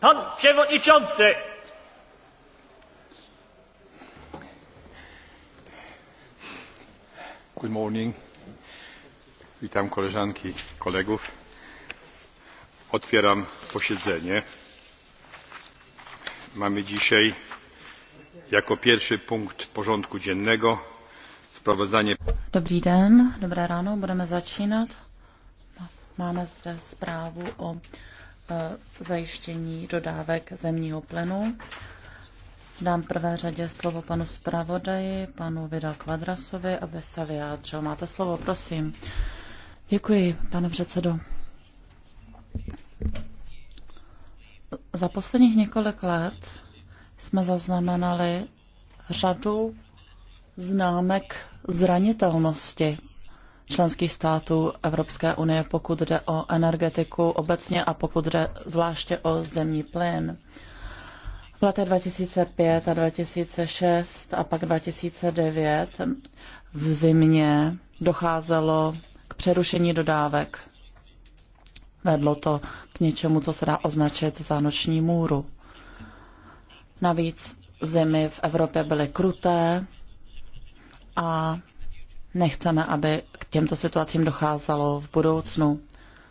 Pan przewodniczący! Good morning. Witam koleżanki, kolegów. Otwieram posiedzenie. Mamy dzisiaj jako pierwszy punkt porządku dziennego sprawozdanie. Dobrý den, dobré ráno, budeme začínat. Máme zde zprávu o Eh, zajištění dodávek zemního plynu. Dám prvé řadě slovo panu zpravodaji, panu Vidal Kvadrasovi, aby se vyjádřil. Máte slovo, prosím. Děkuji, pane předsedo. Za posledních několik let jsme zaznamenali řadu známek zranitelnosti členských států Evropské unie, pokud jde o energetiku obecně a pokud jde zvláště o zemní plyn. V letech 2005 a 2006 a pak 2009 v zimě docházelo k přerušení dodávek. Vedlo to k něčemu, co se dá označit za noční můru. Navíc zimy v Evropě byly kruté a Nechceme, aby k těmto situacím docházelo v budoucnu.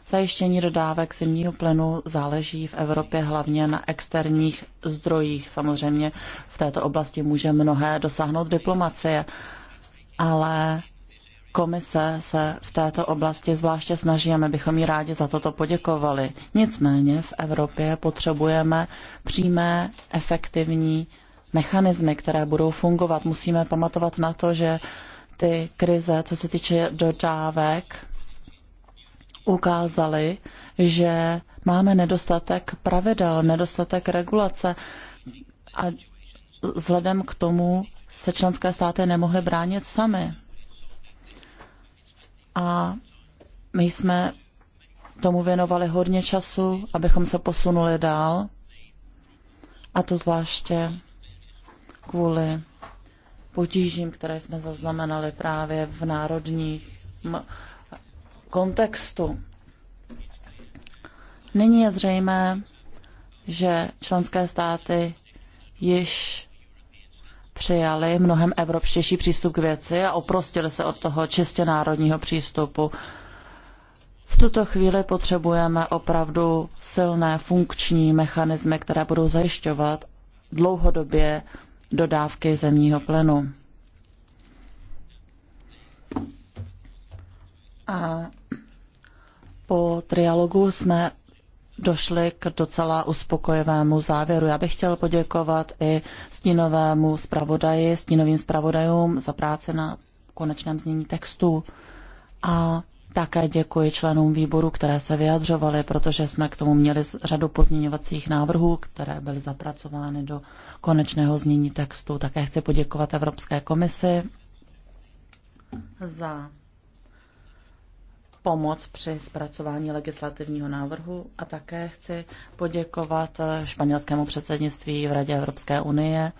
Zajištění dodávek zimního plynu záleží v Evropě hlavně na externích zdrojích. Samozřejmě v této oblasti může mnohé dosáhnout diplomacie, ale komise se v této oblasti zvláště snaží a my bychom jí rádi za toto poděkovali. Nicméně v Evropě potřebujeme přímé, efektivní mechanismy, které budou fungovat. Musíme pamatovat na to, že ty krize, co se týče dodávek, ukázaly, že máme nedostatek pravidel, nedostatek regulace a vzhledem k tomu se členské státy nemohly bránit sami. A my jsme tomu věnovali hodně času, abychom se posunuli dál. A to zvláště kvůli potížím, které jsme zaznamenali právě v národních kontextu. Nyní je zřejmé, že členské státy již přijali mnohem evropštější přístup k věci a oprostili se od toho čistě národního přístupu. V tuto chvíli potřebujeme opravdu silné funkční mechanismy, které budou zajišťovat dlouhodobě dodávky zemního plynu. A po trialogu jsme došli k docela uspokojivému závěru. Já bych chtěl poděkovat i stínovému zpravodaji, stínovým zpravodajům za práci na konečném znění textu. A také děkuji členům výboru, které se vyjadřovaly, protože jsme k tomu měli řadu pozměňovacích návrhů, které byly zapracovány do konečného znění textu. Také chci poděkovat Evropské komisi za pomoc při zpracování legislativního návrhu a také chci poděkovat španělskému předsednictví v Radě Evropské unie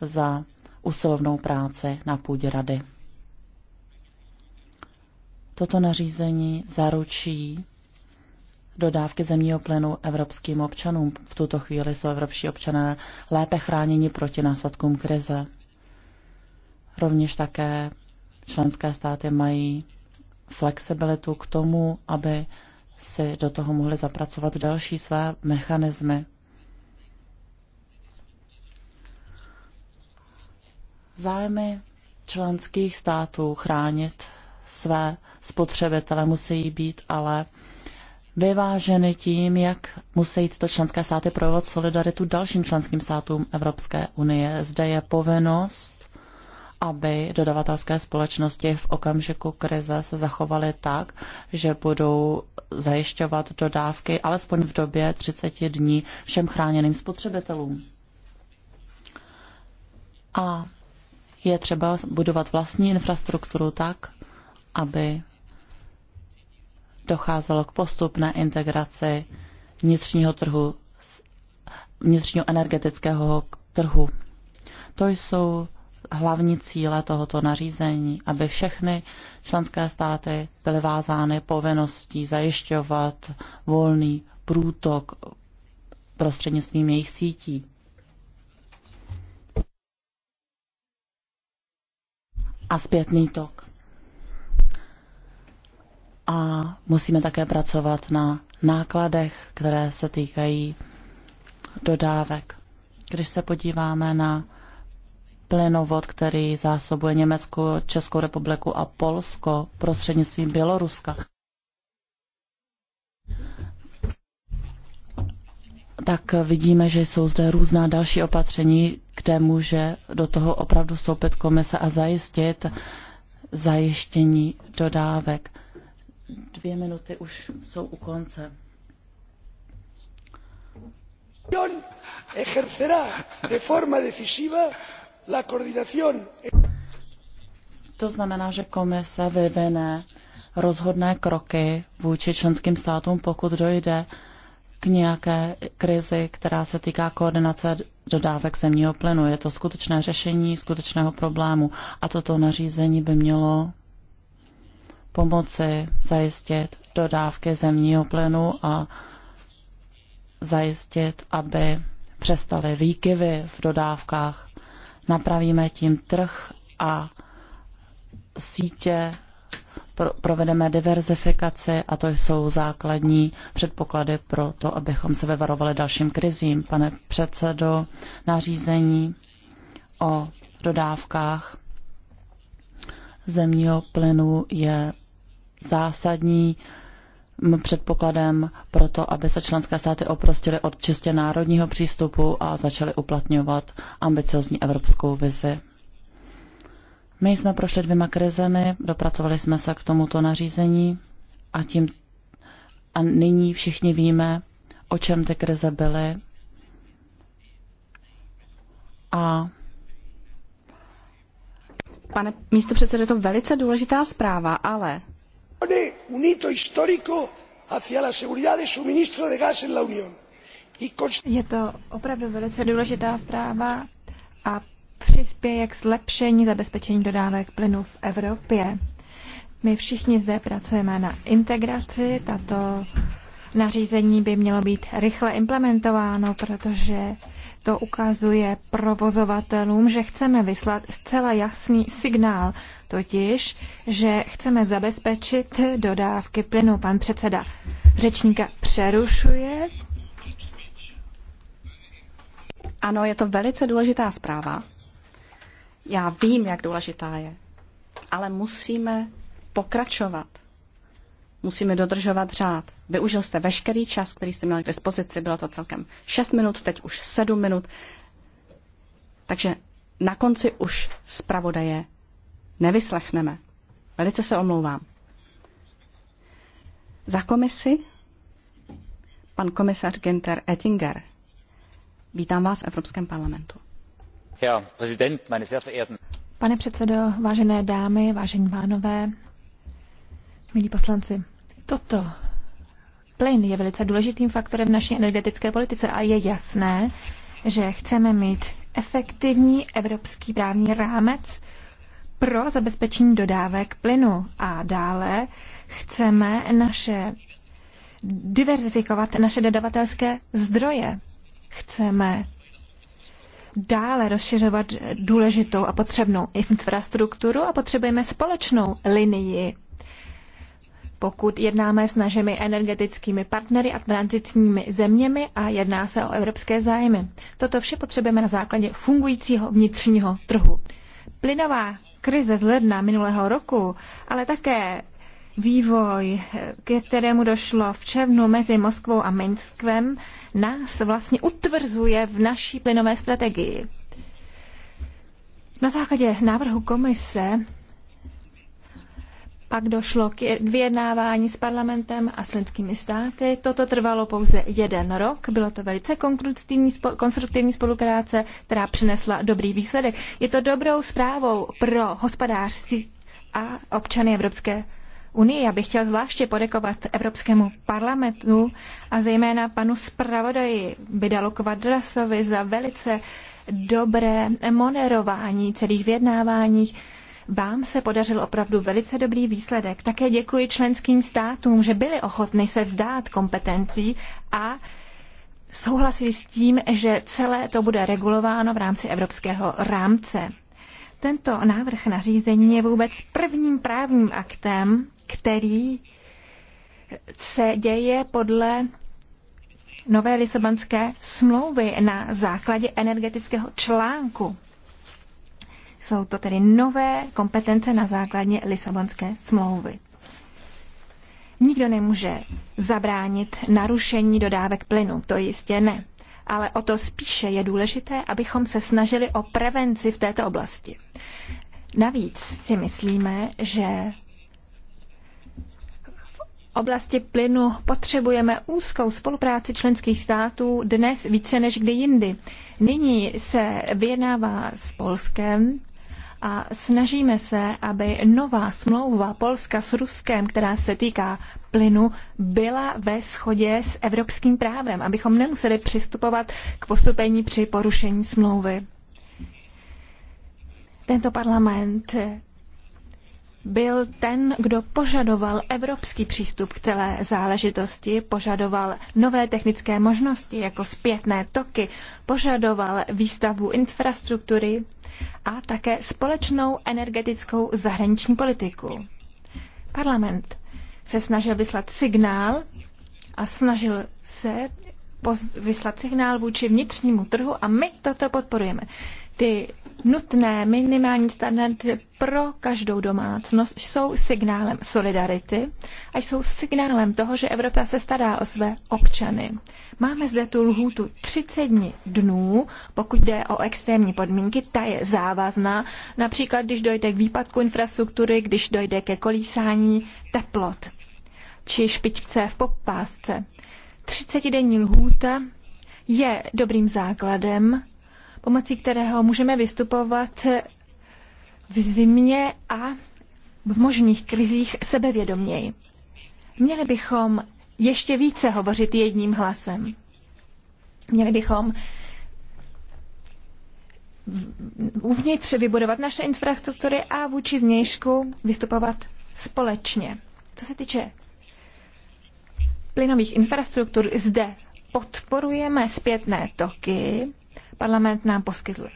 za usilovnou práci na půdě Rady. Toto nařízení zaručí dodávky zemního plynu evropským občanům. V tuto chvíli jsou evropští občané lépe chráněni proti následkům krize. Rovněž také členské státy mají flexibilitu k tomu, aby si do toho mohli zapracovat další své mechanismy. Zájmy členských států chránit své spotřebitele, musí být ale vyváženy tím, jak musí tyto členské státy projevovat solidaritu dalším členským státům Evropské unie. Zde je povinnost, aby dodavatelské společnosti v okamžiku krize se zachovaly tak, že budou zajišťovat dodávky alespoň v době 30 dní všem chráněným spotřebitelům. A je třeba budovat vlastní infrastrukturu tak, aby docházelo k postupné integraci vnitřního trhu, vnitřního energetického trhu. To jsou hlavní cíle tohoto nařízení, aby všechny členské státy byly vázány povinností zajišťovat volný průtok prostřednictvím jejich sítí. A zpětný tok a musíme také pracovat na nákladech, které se týkají dodávek. Když se podíváme na plynovod, který zásobuje Německo, Českou republiku a Polsko prostřednictvím Běloruska, tak vidíme, že jsou zde různá další opatření, kde může do toho opravdu vstoupit komise a zajistit zajištění dodávek. Dvě minuty už jsou u konce. ejercerá de forma decisiva la coordinación. To znamená, že komise vyvine rozhodné kroky vůči členským státům, pokud dojde k nějaké krizi, která se týká koordinace dodávek zemního plynu. Je to skutečné řešení skutečného problému a toto nařízení by mělo pomoci zajistit dodávky zemního plynu a zajistit, aby přestaly výkyvy v dodávkách. Napravíme tím trh a sítě, provedeme diverzifikaci a to jsou základní předpoklady pro to, abychom se vyvarovali dalším krizím. Pane předsedo, nařízení o dodávkách zemního plynu je zásadní předpokladem pro to, aby se členské státy oprostily od čistě národního přístupu a začaly uplatňovat ambiciozní evropskou vizi. My jsme prošli dvěma krizemi, dopracovali jsme se k tomuto nařízení a tím a nyní všichni víme, o čem ty krize byly. A Pane místo předsedo, je to velice důležitá zpráva, ale supone un hito histórico hacia la seguridad de suministro de gas en la Unión. Je to opravdu velice důležitá zpráva a přispěje k zlepšení zabezpečení dodávek plynu v Evropě. My všichni zde pracujeme na integraci. Tato nařízení by mělo být rychle implementováno, protože to ukazuje provozovatelům, že chceme vyslat zcela jasný signál, totiž, že chceme zabezpečit dodávky plynu. Pan předseda řečníka přerušuje. Ano, je to velice důležitá zpráva. Já vím, jak důležitá je, ale musíme pokračovat musíme dodržovat řád. Využil jste veškerý čas, který jste měl k dispozici, bylo to celkem 6 minut, teď už 7 minut. Takže na konci už zpravodaje nevyslechneme. Velice se omlouvám. Za komisi pan komisař Günther Ettinger. Vítám vás v Evropském parlamentu. Herr Präsident, meine sehr verehrten. Pane předsedo, vážené dámy, vážení pánové, milí poslanci. Toto plyn je velice důležitým faktorem v naší energetické politice a je jasné, že chceme mít efektivní evropský právní rámec pro zabezpečení dodávek plynu a dále chceme naše diverzifikovat naše dodavatelské zdroje. Chceme dále rozšiřovat důležitou a potřebnou infrastrukturu a potřebujeme společnou linii pokud jednáme s našimi energetickými partnery a transitními zeměmi a jedná se o evropské zájmy. Toto vše potřebujeme na základě fungujícího vnitřního trhu. Plynová krize z ledna minulého roku, ale také vývoj, ke kterému došlo v červnu mezi Moskvou a Minskvem, nás vlastně utvrzuje v naší plynové strategii. Na základě návrhu komise pak došlo k vyjednávání s parlamentem a členskými státy. Toto trvalo pouze jeden rok. Bylo to velice konstruktivní spolupráce, která přinesla dobrý výsledek. Je to dobrou zprávou pro hospodářství a občany Evropské unie. Já bych chtěl zvláště podekovat Evropskému parlamentu a zejména panu zpravodaji Bidalu Kvadrasovi za velice dobré monerování celých vyjednáváních vám se podařil opravdu velice dobrý výsledek. Také děkuji členským státům, že byli ochotni se vzdát kompetencí a souhlasí s tím, že celé to bude regulováno v rámci evropského rámce. Tento návrh nařízení je vůbec prvním právním aktem, který se děje podle nové Lisabonské smlouvy na základě energetického článku. Jsou to tedy nové kompetence na základě Lisabonské smlouvy. Nikdo nemůže zabránit narušení dodávek plynu, to jistě ne. Ale o to spíše je důležité, abychom se snažili o prevenci v této oblasti. Navíc si myslíme, že v oblasti plynu potřebujeme úzkou spolupráci členských států dnes více než kdy jindy. Nyní se vyjednává s Polskem a snažíme se, aby nová smlouva Polska s Ruskem, která se týká plynu, byla ve shodě s evropským právem, abychom nemuseli přistupovat k postupení při porušení smlouvy. Tento parlament byl ten, kdo požadoval evropský přístup k celé záležitosti, požadoval nové technické možnosti jako zpětné toky, požadoval výstavu infrastruktury a také společnou energetickou zahraniční politiku. Parlament se snažil vyslat signál a snažil se vyslat signál vůči vnitřnímu trhu a my toto podporujeme. Ty nutné minimální standardy pro každou domácnost jsou signálem solidarity a jsou signálem toho, že Evropa se stará o své občany. Máme zde tu lhůtu 30 dnů, pokud jde o extrémní podmínky, ta je závazná, například když dojde k výpadku infrastruktury, když dojde ke kolísání teplot či špičce v popásce. 30-denní lhůta je dobrým základem pomocí kterého můžeme vystupovat v zimě a v možných krizích sebevědoměji. Měli bychom ještě více hovořit jedním hlasem. Měli bychom uvnitř vybudovat naše infrastruktury a vůči vnějšku vystupovat společně. Co se týče plynových infrastruktur, zde podporujeme zpětné toky, Parlament nám poskytl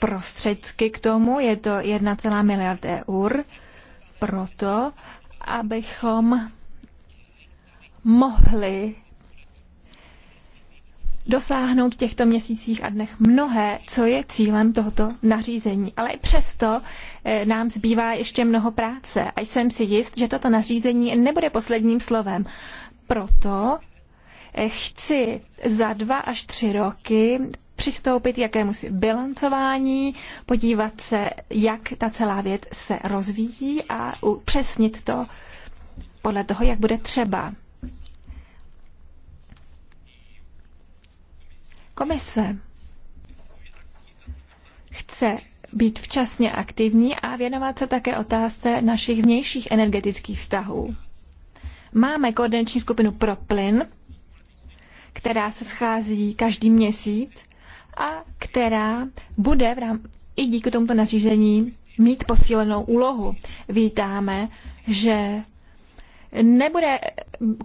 prostředky k tomu, je to 1, miliard eur, proto, abychom mohli dosáhnout v těchto měsících a dnech mnohé, co je cílem tohoto nařízení. Ale i přesto eh, nám zbývá ještě mnoho práce a jsem si jist, že toto nařízení nebude posledním slovem. Proto eh, chci za dva až tři roky přistoupit k jakémusi bilancování, podívat se, jak ta celá věc se rozvíjí a upřesnit to podle toho, jak bude třeba. Komise chce být včasně aktivní a věnovat se také otázce našich vnějších energetických vztahů. Máme koordinační skupinu pro plyn, která se schází každý měsíc a která bude v rám- i díky tomuto nařízení mít posílenou úlohu. Vítáme, že nebude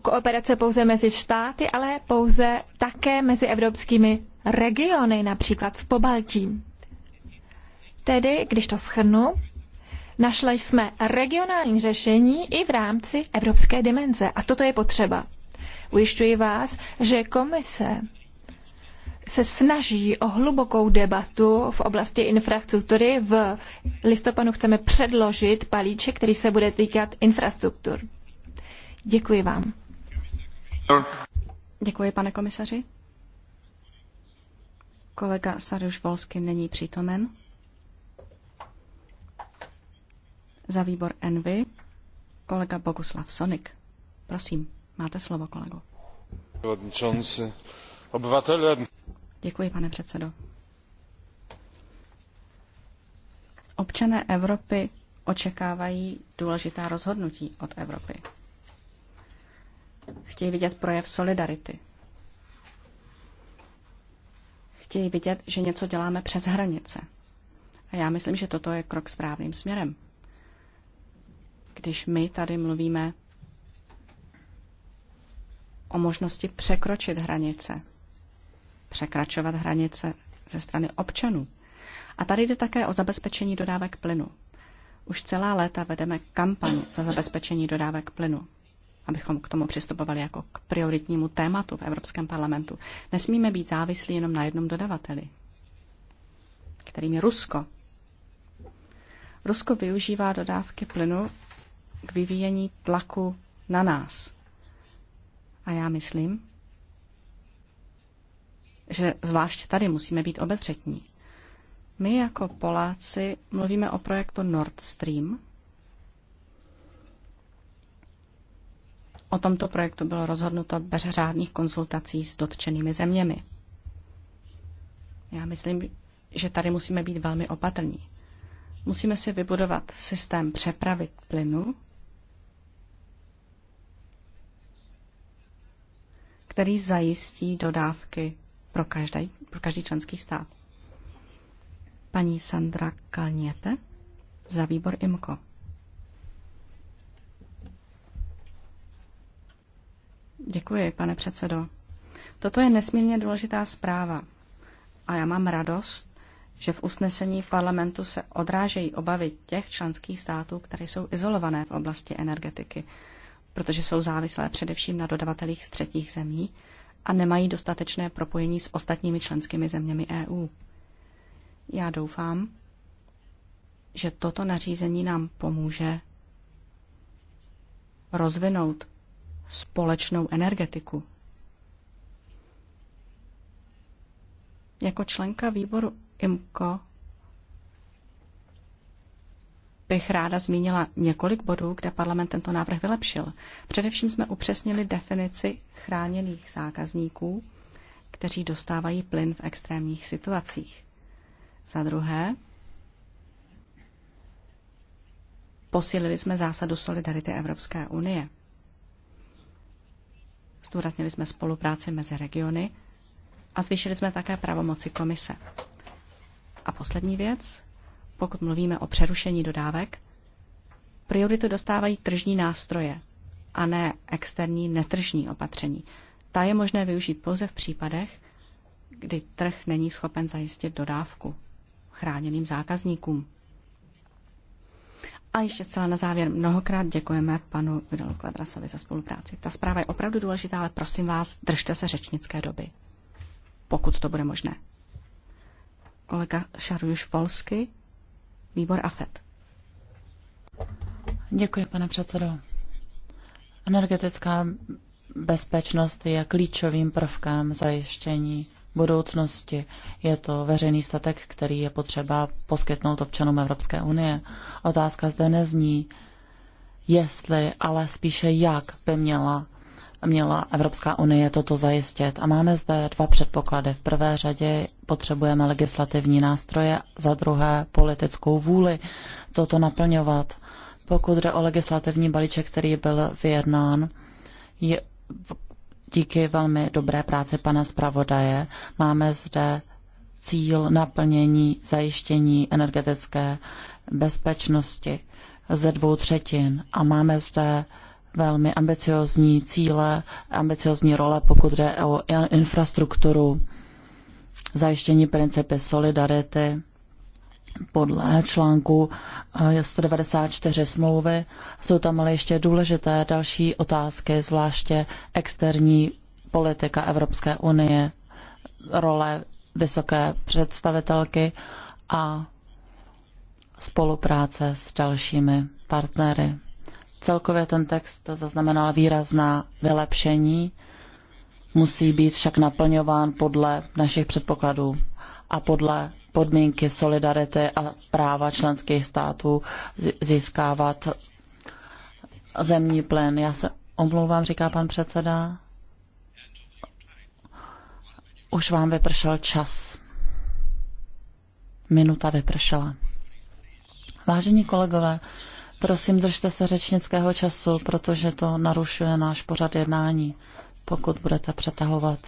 kooperace pouze mezi státy, ale pouze také mezi evropskými regiony, například v Pobaltí. Tedy, když to schrnu, našli jsme regionální řešení i v rámci evropské dimenze a toto je potřeba. Ujišťuji vás, že komise se snaží o hlubokou debatu v oblasti infrastruktury. V listopadu chceme předložit palíček, který se bude týkat infrastruktur. Děkuji vám. Děkuji, pane komisaři. Kolega Saruš Volsky není přítomen. Za výbor Envy kolega Boguslav Sonik. Prosím, máte slovo, kolego. obyvatelé. Děkuji, pane předsedo. Občané Evropy očekávají důležitá rozhodnutí od Evropy. Chtějí vidět projev solidarity. Chtějí vidět, že něco děláme přes hranice. A já myslím, že toto je krok správným směrem. Když my tady mluvíme o možnosti překročit hranice, překračovat hranice ze strany občanů. A tady jde také o zabezpečení dodávek plynu. Už celá léta vedeme kampaň za zabezpečení dodávek plynu, abychom k tomu přistupovali jako k prioritnímu tématu v Evropském parlamentu. Nesmíme být závislí jenom na jednom dodavateli, kterým je Rusko. Rusko využívá dodávky plynu k vyvíjení tlaku na nás. A já myslím, že zvlášť tady musíme být obezřetní. My jako Poláci mluvíme o projektu Nord Stream. O tomto projektu bylo rozhodnuto bez řádných konzultací s dotčenými zeměmi. Já myslím, že tady musíme být velmi opatrní. Musíme si vybudovat systém přepravy plynu, který zajistí dodávky pro každý, pro každý členský stát. Paní Sandra Kalněte za výbor IMKO. Děkuji, pane předsedo. Toto je nesmírně důležitá zpráva a já mám radost, že v usnesení parlamentu se odrážejí obavy těch členských států, které jsou izolované v oblasti energetiky, protože jsou závislé především na dodavatelích z třetích zemí a nemají dostatečné propojení s ostatními členskými zeměmi EU. Já doufám, že toto nařízení nám pomůže rozvinout společnou energetiku. Jako členka výboru IMCO bych ráda zmínila několik bodů, kde parlament tento návrh vylepšil. Především jsme upřesnili definici chráněných zákazníků, kteří dostávají plyn v extrémních situacích. Za druhé, posílili jsme zásadu solidarity Evropské unie. Zdůraznili jsme spolupráci mezi regiony a zvýšili jsme také pravomoci komise. A poslední věc, pokud mluvíme o přerušení dodávek, prioritu dostávají tržní nástroje a ne externí netržní opatření. Ta je možné využít pouze v případech, kdy trh není schopen zajistit dodávku chráněným zákazníkům. A ještě zcela na závěr mnohokrát děkujeme panu Vidal Kvadrasovi za spolupráci. Ta zpráva je opravdu důležitá, ale prosím vás, držte se řečnické doby, pokud to bude možné. Kolega Šarujuš Volsky výbor AFET. Děkuji, pane předsedo. Energetická bezpečnost je klíčovým prvkem zajištění budoucnosti. Je to veřejný statek, který je potřeba poskytnout občanům Evropské unie. Otázka zde nezní, jestli, ale spíše jak by měla měla Evropská unie toto zajistit. A máme zde dva předpoklady. V prvé řadě potřebujeme legislativní nástroje, za druhé politickou vůli toto naplňovat. Pokud jde o legislativní balíček, který byl vyjednán, je, díky velmi dobré práci pana zpravodaje máme zde cíl naplnění zajištění energetické bezpečnosti ze dvou třetin a máme zde velmi ambiciozní cíle, ambiciozní role, pokud jde o infrastrukturu, zajištění principy solidarity podle článku eh, 194 smlouvy. Jsou tam ale ještě důležité další otázky, zvláště externí politika Evropské unie, role vysoké představitelky a spolupráce s dalšími partnery. Celkově ten text zaznamenal výrazná vylepšení, musí být však naplňován podle našich předpokladů a podle podmínky solidarity a práva členských států získávat zemní plyn. Já se omlouvám, říká pan předseda. Už vám vypršel čas. Minuta vypršela. Vážení kolegové, Prosím, držte se řečnického času, protože to narušuje náš pořad jednání, pokud budete přetahovat.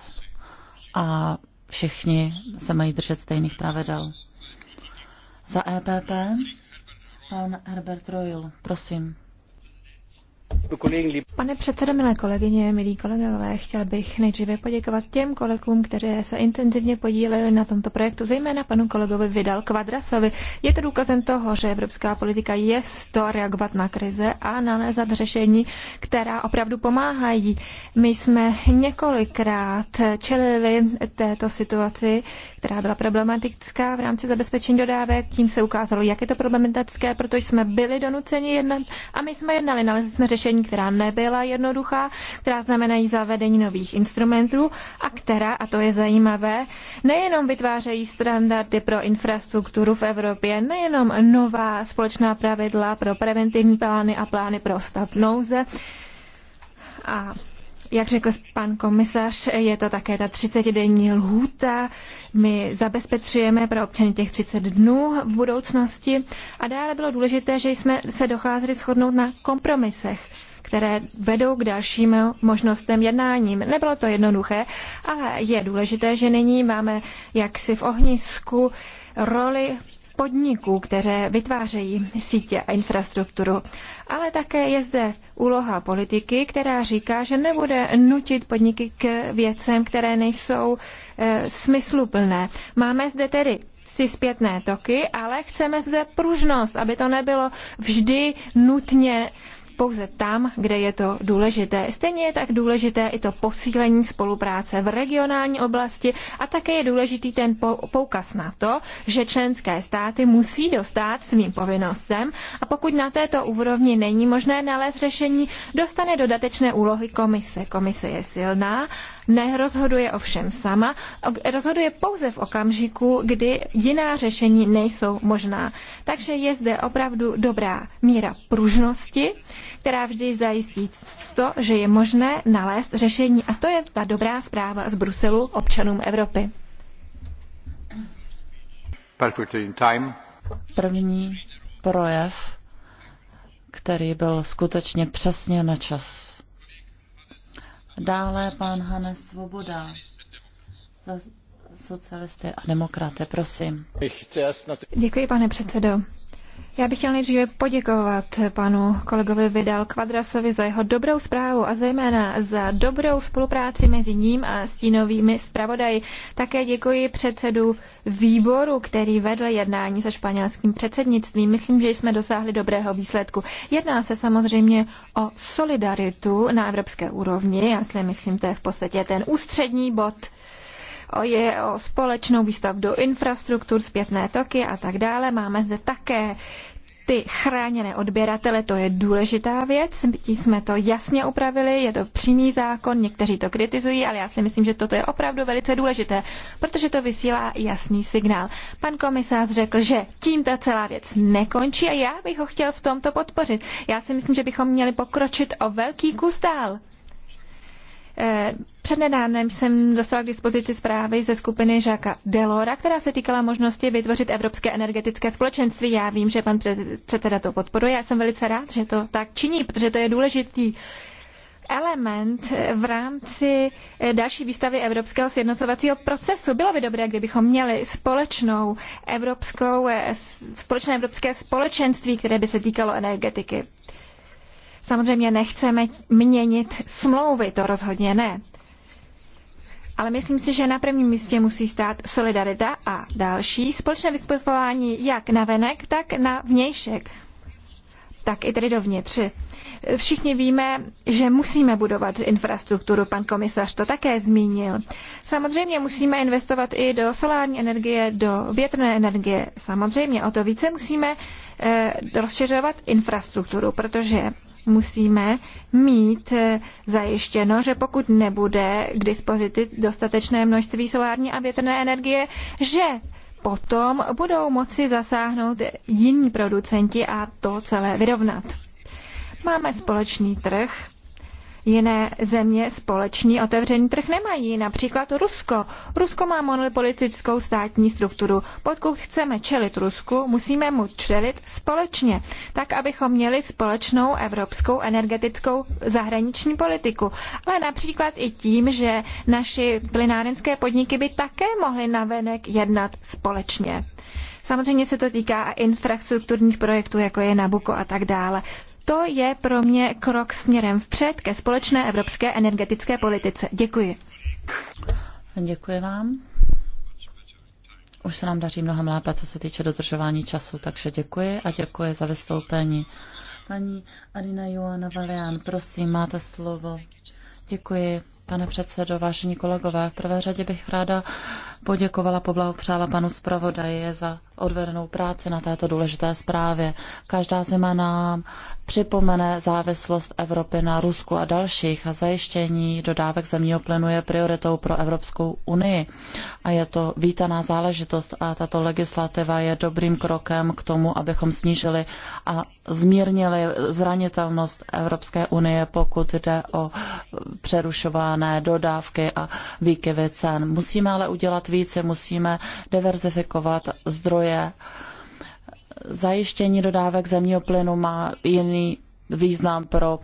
A všichni se mají držet stejných pravidel. Za EPP pan Herbert Royal, prosím. Pane předsedo, milé kolegyně, milí kolegové, chtěl bych nejdříve poděkovat těm kolegům, kteří se intenzivně podíleli na tomto projektu, zejména panu kolegovi Vidal Kvadrasovi. Je to důkazem toho, že evropská politika je to reagovat na krize a nalézat řešení, která opravdu pomáhají. My jsme několikrát čelili této situaci, která byla problematická v rámci zabezpečení dodávek. Tím se ukázalo, jak je to problematické, protože jsme byli donuceni jednat a my jsme jednali, nalezli jsme řešení řešení, která nebyla jednoduchá, která znamenají zavedení nových instrumentů a která, a to je zajímavé, nejenom vytvářejí standardy pro infrastrukturu v Evropě, nejenom nová společná pravidla pro preventivní plány a plány pro stav nouze, a jak řekl pan komisař, je to také ta 30-denní lhůta. My zabezpečujeme pro občany těch 30 dnů v budoucnosti. A dále bylo důležité, že jsme se docházeli shodnout na kompromisech které vedou k dalším možnostem jednáním. Nebylo to jednoduché, ale je důležité, že nyní máme jaksi v ohnisku roli podniků, které vytvářejí sítě a infrastrukturu. Ale také je zde úloha politiky, která říká, že nebude nutit podniky k věcem, které nejsou e, smysluplné. Máme zde tedy ty zpětné toky, ale chceme zde pružnost, aby to nebylo vždy nutně pouze tam, kde je to důležité. Stejně je tak důležité i to posílení spolupráce v regionální oblasti a také je důležitý ten poukaz na to, že členské státy musí dostat svým povinnostem a pokud na této úrovni není možné nalézt řešení, dostane dodatečné úlohy komise. Komise je silná nerozhoduje ovšem sama, rozhoduje pouze v okamžiku, kdy jiná řešení nejsou možná. Takže je zde opravdu dobrá míra pružnosti, která vždy zajistí to, že je možné nalézt řešení. A to je ta dobrá zpráva z Bruselu občanům Evropy. První projev, který byl skutečně přesně na čas. Dále pan Hane Svoboda za socialisty a demokraty, prosím. Děkuji, pane předsedo. Já bych chtěl nejdříve poděkovat panu kolegovi Vidal Kvadrasovi za jeho dobrou zprávu a zejména za dobrou spolupráci mezi ním a stínovými zpravodaji. Také děkuji předsedu výboru, který vedl jednání se španělským předsednictvím. Myslím, že jsme dosáhli dobrého výsledku. Jedná se samozřejmě o solidaritu na evropské úrovni. Já si myslím, to je v podstatě ten ústřední bod je o společnou výstavbu infrastruktur, zpětné toky a tak dále. Máme zde také ty chráněné odběratele, to je důležitá věc, My jsme to jasně upravili, je to přímý zákon, někteří to kritizují, ale já si myslím, že toto je opravdu velice důležité, protože to vysílá jasný signál. Pan komisář řekl, že tím ta celá věc nekončí a já bych ho chtěl v tomto podpořit. Já si myslím, že bychom měli pokročit o velký kus dál. Eh, Přednedávnem jsem dostala k dispozici zprávy ze skupiny Žáka Delora, která se týkala možnosti vytvořit Evropské energetické společenství. Já vím, že pan předseda to podporuje. Já jsem velice rád, že to tak činí, protože to je důležitý element v rámci eh, další výstavy Evropského sjednocovacího procesu. Bylo by dobré, kdybychom měli společnou evropskou, eh, společné evropské společenství, které by se týkalo energetiky. Samozřejmě nechceme měnit smlouvy, to rozhodně ne. Ale myslím si, že na prvním místě musí stát solidarita a další společné vyspěchování jak na venek, tak na vnějšek tak i tedy dovnitř. Všichni víme, že musíme budovat infrastrukturu, pan komisař to také zmínil. Samozřejmě musíme investovat i do solární energie, do větrné energie. Samozřejmě o to více musíme eh, rozšiřovat infrastrukturu, protože musíme mít eh, zajištěno, že pokud nebude k dispozici dostatečné množství solární a větrné energie, že potom budou moci zasáhnout jiní producenti a to celé vyrovnat. Máme společný trh, jiné země společný otevřený trh nemají, například Rusko. Rusko má monopolitickou státní strukturu. Pokud chceme čelit Rusku, musíme mu čelit společně, tak abychom měli společnou evropskou energetickou zahraniční politiku. Ale například i tím, že naši plynárenské podniky by také mohly navenek jednat společně. Samozřejmě se to týká infrastrukturních projektů, jako je Nabuko a tak dále. To je pro mě krok směrem vpřed ke společné evropské energetické politice. Děkuji. Děkuji vám. Už se nám daří mnohem lépe, co se týče dodržování času, takže děkuji a děkuji za vystoupení. Paní Adina Joana Valian, prosím, máte slovo. Děkuji, pane předsedo, vážení kolegové. V prvé řadě bych ráda poděkovala, poblahopřála panu zpravodaji za odvedenou práci na této důležité zprávě. Každá zima nám připomene závislost Evropy na Rusku a dalších a zajištění dodávek zemního plynu je prioritou pro Evropskou unii. A je to vítaná záležitost a tato legislativa je dobrým krokem k tomu, abychom snížili a zmírnili zranitelnost Evropské unie, pokud jde o přerušované dodávky a výkyvy cen. Musíme ale udělat více, musíme diverzifikovat zdroje zajištění dodávek zemního plynu má jiný význam pro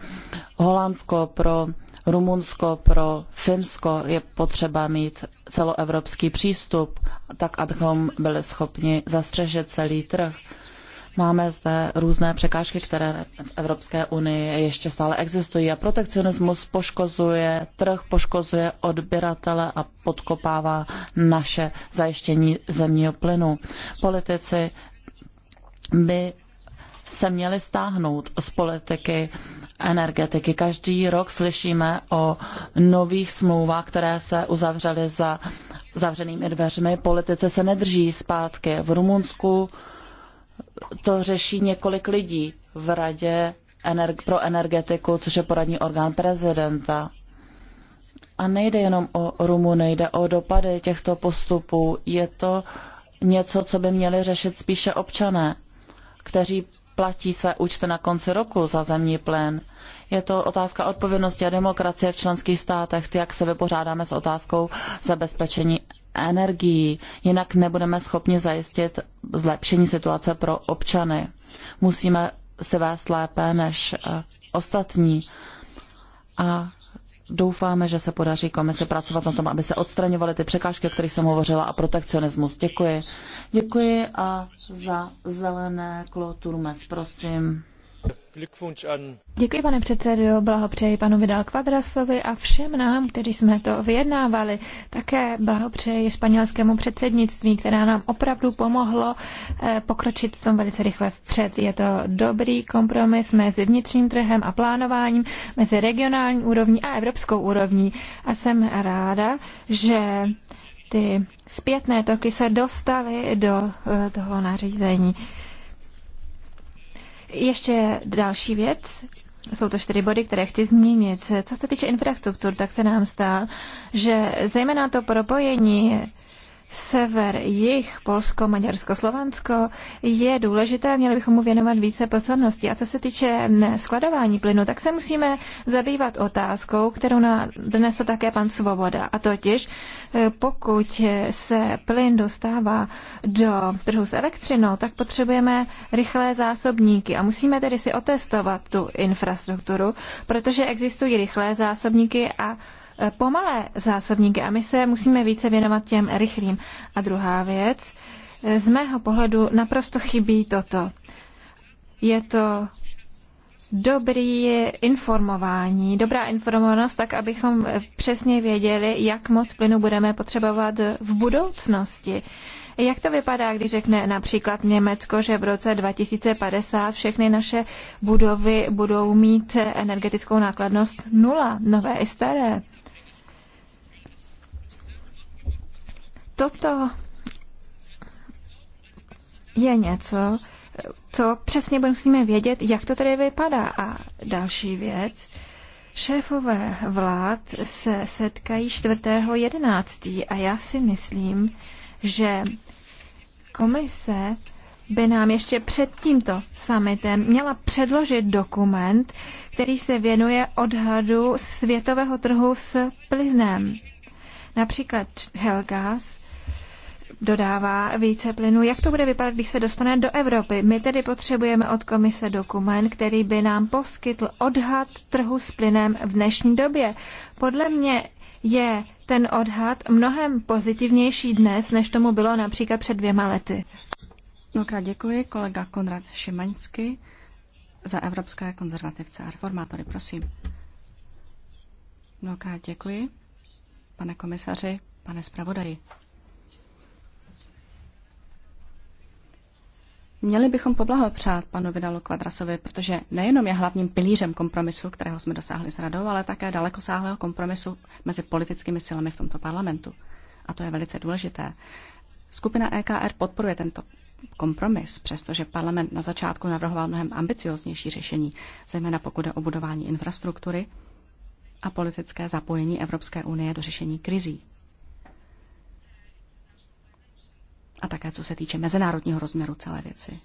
Holandsko, pro Rumunsko, pro Finsko je potřeba mít celoevropský přístup, tak abychom byli schopni zastřešit celý trh. Máme zde různé překážky, které v Evropské unii ještě stále existují a protekcionismus poškozuje trh, poškozuje odběratele a podkopává naše zajištění zemního plynu. Politici by se měly stáhnout z politiky energetiky. Každý rok slyšíme o nových smlouvách, které se uzavřely za zavřenými dveřmi. Politice se nedrží zpátky. V Rumunsku to řeší několik lidí v Radě pro energetiku, což je poradní orgán prezidenta. A nejde jenom o Rumuny, jde o dopady těchto postupů. Je to něco, co by měli řešit spíše občané kteří platí své účty na konci roku za zemní plyn. Je to otázka odpovědnosti a demokracie v členských státech, jak se vypořádáme s otázkou zabezpečení energií. Jinak nebudeme schopni zajistit zlepšení situace pro občany. Musíme se vést lépe než eh, ostatní. A doufáme, že se podaří komise pracovat na tom, aby se odstraňovaly ty překážky, o kterých jsem hovořila, a protekcionismus. Děkuji. Děkuji a za zelené kloturmes, prosím. Děkuji, pane předsedo, blahopřeji panu Vidal Quadrasovi a všem nám, kteří jsme to vyjednávali. Také blahopřeji španělskému předsednictví, které nám opravdu pomohlo eh, pokročit v tom velice rychle vpřed. Je to dobrý kompromis mezi vnitřním trhem a plánováním, mezi regionální úrovní a evropskou úrovní. A jsem ráda, že ty zpětné toky se dostaly do eh, toho nařízení. Ještě další věc, jsou to čtyři body, které chci zmínit. Co se týče infrastruktur, tak se nám stá, že zejména to propojení sever, jich, Polsko, Maďarsko, Slovensko je důležité, měli bychom mu věnovat více pozornosti. A co se týče skladování plynu, tak se musíme zabývat otázkou, kterou na dnes také pan Svoboda. A totiž, eh, pokud se plyn dostává do trhu s elektřinou, tak potřebujeme rychlé zásobníky a musíme tedy si otestovat tu infrastrukturu, protože existují rychlé zásobníky a Eh, pomalé zásobníky a my se musíme více věnovat těm rychlým. A druhá věc, eh, z mého pohledu naprosto chybí toto. Je to dobrý informování, dobrá informovanost, tak abychom přesně věděli, jak moc plynu budeme potřebovat v budoucnosti. Jak to vypadá, když řekne například Německo, že v roce 2050 všechny naše budovy budou mít energetickou nákladnost nula, nové i staré? Toto je něco, co přesně musíme vědět, jak to tady vypadá. A další věc, šéfové vlád se setkají 4.11. a já si myslím, že komise by nám ještě před tímto summitem měla předložit dokument, který se věnuje odhadu světového trhu s plynem. Například Helgas dodává více plynu. Jak to bude vypadat, když se dostane do Evropy? My tedy potřebujeme od komise dokument, který by nám poskytl odhad trhu s plynem v dnešní době. Podle mě je ten odhad mnohem pozitivnější dnes, než tomu bylo například před dvěma lety. Mnohokrát děkuji kolega Konrad Šimaňsky za Evropské konzervativce a reformátory, prosím. Mnohokrát děkuji, pane komisaři, pane zpravodaji. Měli bychom poblahopřát panu Vidalu Kvadrasovi, protože nejenom je hlavním pilířem kompromisu, kterého jsme dosáhli s radou, ale také dalekosáhlého kompromisu mezi politickými silami v tomto parlamentu. A to je velice důležité. Skupina EKR podporuje tento kompromis, přestože parlament na začátku navrhoval mnohem ambicioznější řešení, zejména pokud je o budování infrastruktury a politické zapojení Evropské unie do řešení krizí. a také co se týče mezinárodního rozměru celé věci.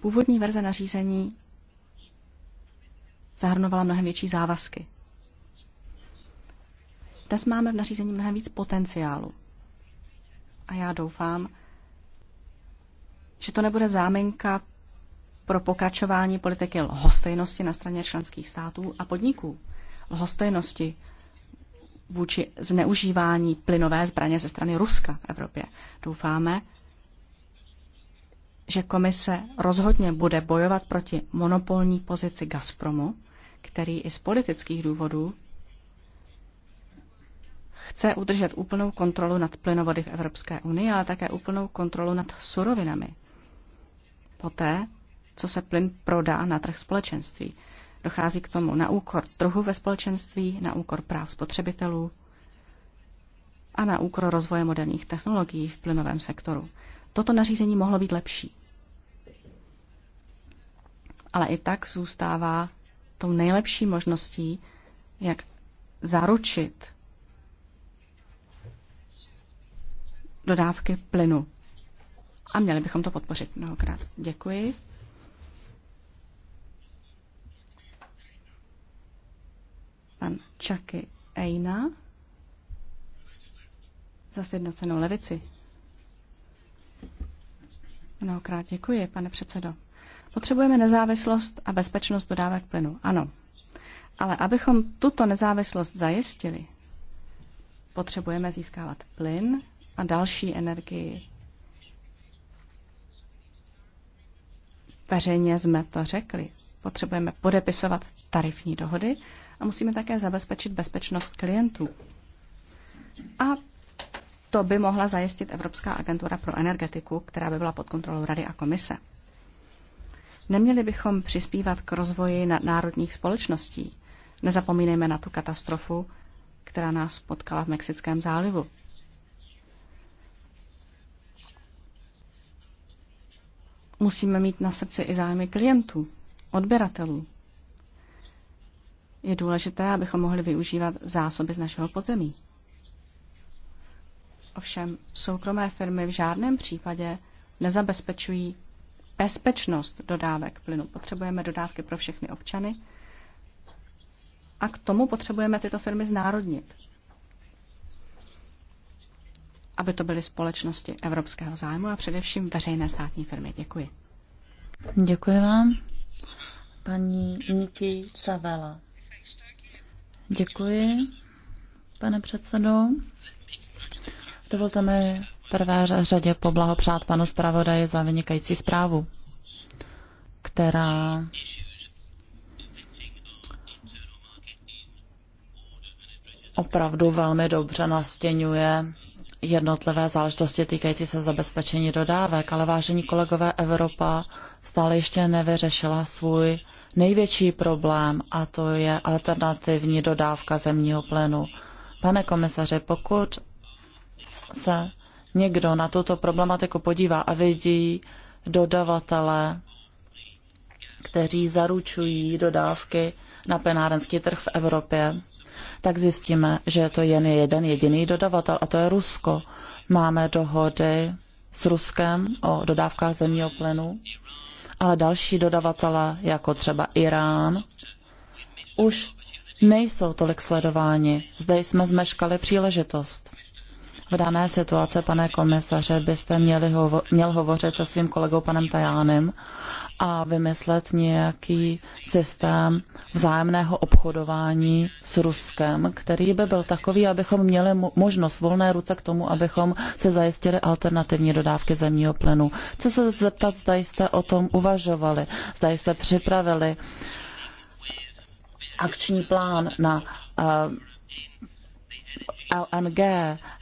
Původní verze nařízení zahrnovala mnohem větší závazky. Dnes máme v nařízení mnohem víc potenciálu. A já doufám, že to nebude záminka pro pokračování politiky lhostejnosti na straně členských států a podniků. Lhostejnosti vůči zneužívání plynové zbraně ze strany Ruska v Evropě. Doufáme, že komise rozhodně bude bojovat proti monopolní pozici Gazpromu, který i z politických důvodů chce udržet úplnou kontrolu nad plynovody v Evropské unii, ale také úplnou kontrolu nad surovinami. Poté, co se plyn prodá na trh společenství. Dochází k tomu na úkor trhu ve společenství, na úkor práv spotřebitelů a na úkor rozvoje moderních technologií v plynovém sektoru. Toto nařízení mohlo být lepší. Ale i tak zůstává tou nejlepší možností, jak zaručit dodávky plynu. A měli bychom to podpořit mnohokrát. Děkuji. pan Čaky Ejna za sjednocenou levici. Mnohokrát děkuji, pane předsedo. Potřebujeme nezávislost a bezpečnost dodávek plynu, ano. Ale abychom tuto nezávislost zajistili, potřebujeme získávat plyn a další energii. Veřejně jsme to řekli. Potřebujeme podepisovat tarifní dohody a musíme také zabezpečit bezpečnost klientů. A to by mohla zajistit Evropská agentura pro energetiku, která by byla pod kontrolou Rady a komise. Neměli bychom přispívat k rozvoji národních společností. Nezapomínejme na tu katastrofu, která nás potkala v Mexickém zálivu. Musíme mít na srdci i zájmy klientů, odběratelů je důležité, abychom mohli využívat zásoby z našeho podzemí. Ovšem soukromé firmy v žádném případě nezabezpečují bezpečnost dodávek plynu. Potřebujeme dodávky pro všechny občany a k tomu potřebujeme tyto firmy znárodnit, aby to byly společnosti evropského zájmu a především veřejné státní firmy. Děkuji. Děkuji vám. Paní Niki Savela. Děkuji, pane předsedo. Dovolte mi prvé řadě poblahopřát panu zpravodaji za vynikající zprávu, která opravdu velmi dobře nastěňuje jednotlivé záležitosti týkající se zabezpečení dodávek, ale vážení kolegové, Evropa stále ještě nevyřešila svůj největší problém a to je alternativní dodávka zemního plynu. Pane komisaři, pokud se někdo na tuto problematiku podívá a vidí dodavatele, kteří zaručují dodávky na plynárenský trh v Evropě, tak zjistíme, že to jen je jeden jediný dodavatel a to je Rusko. Máme dohody s Ruskem o dodávkách zemního plynu ale další dodavatele, jako třeba Irán, už nejsou tolik sledováni. Zde jsme zmeškali příležitost. V dané situaci, pane komisaře, byste měli hovo- měl hovořit se svým kolegou panem Tajánem a vymyslet nějaký systém vzájemného obchodování s Ruskem, který by byl takový, abychom měli možnost volné ruce k tomu, abychom se zajistili alternativní dodávky zemního plynu. Chci se zeptat, zda jste o tom uvažovali, zda jste připravili akční plán na uh, LNG,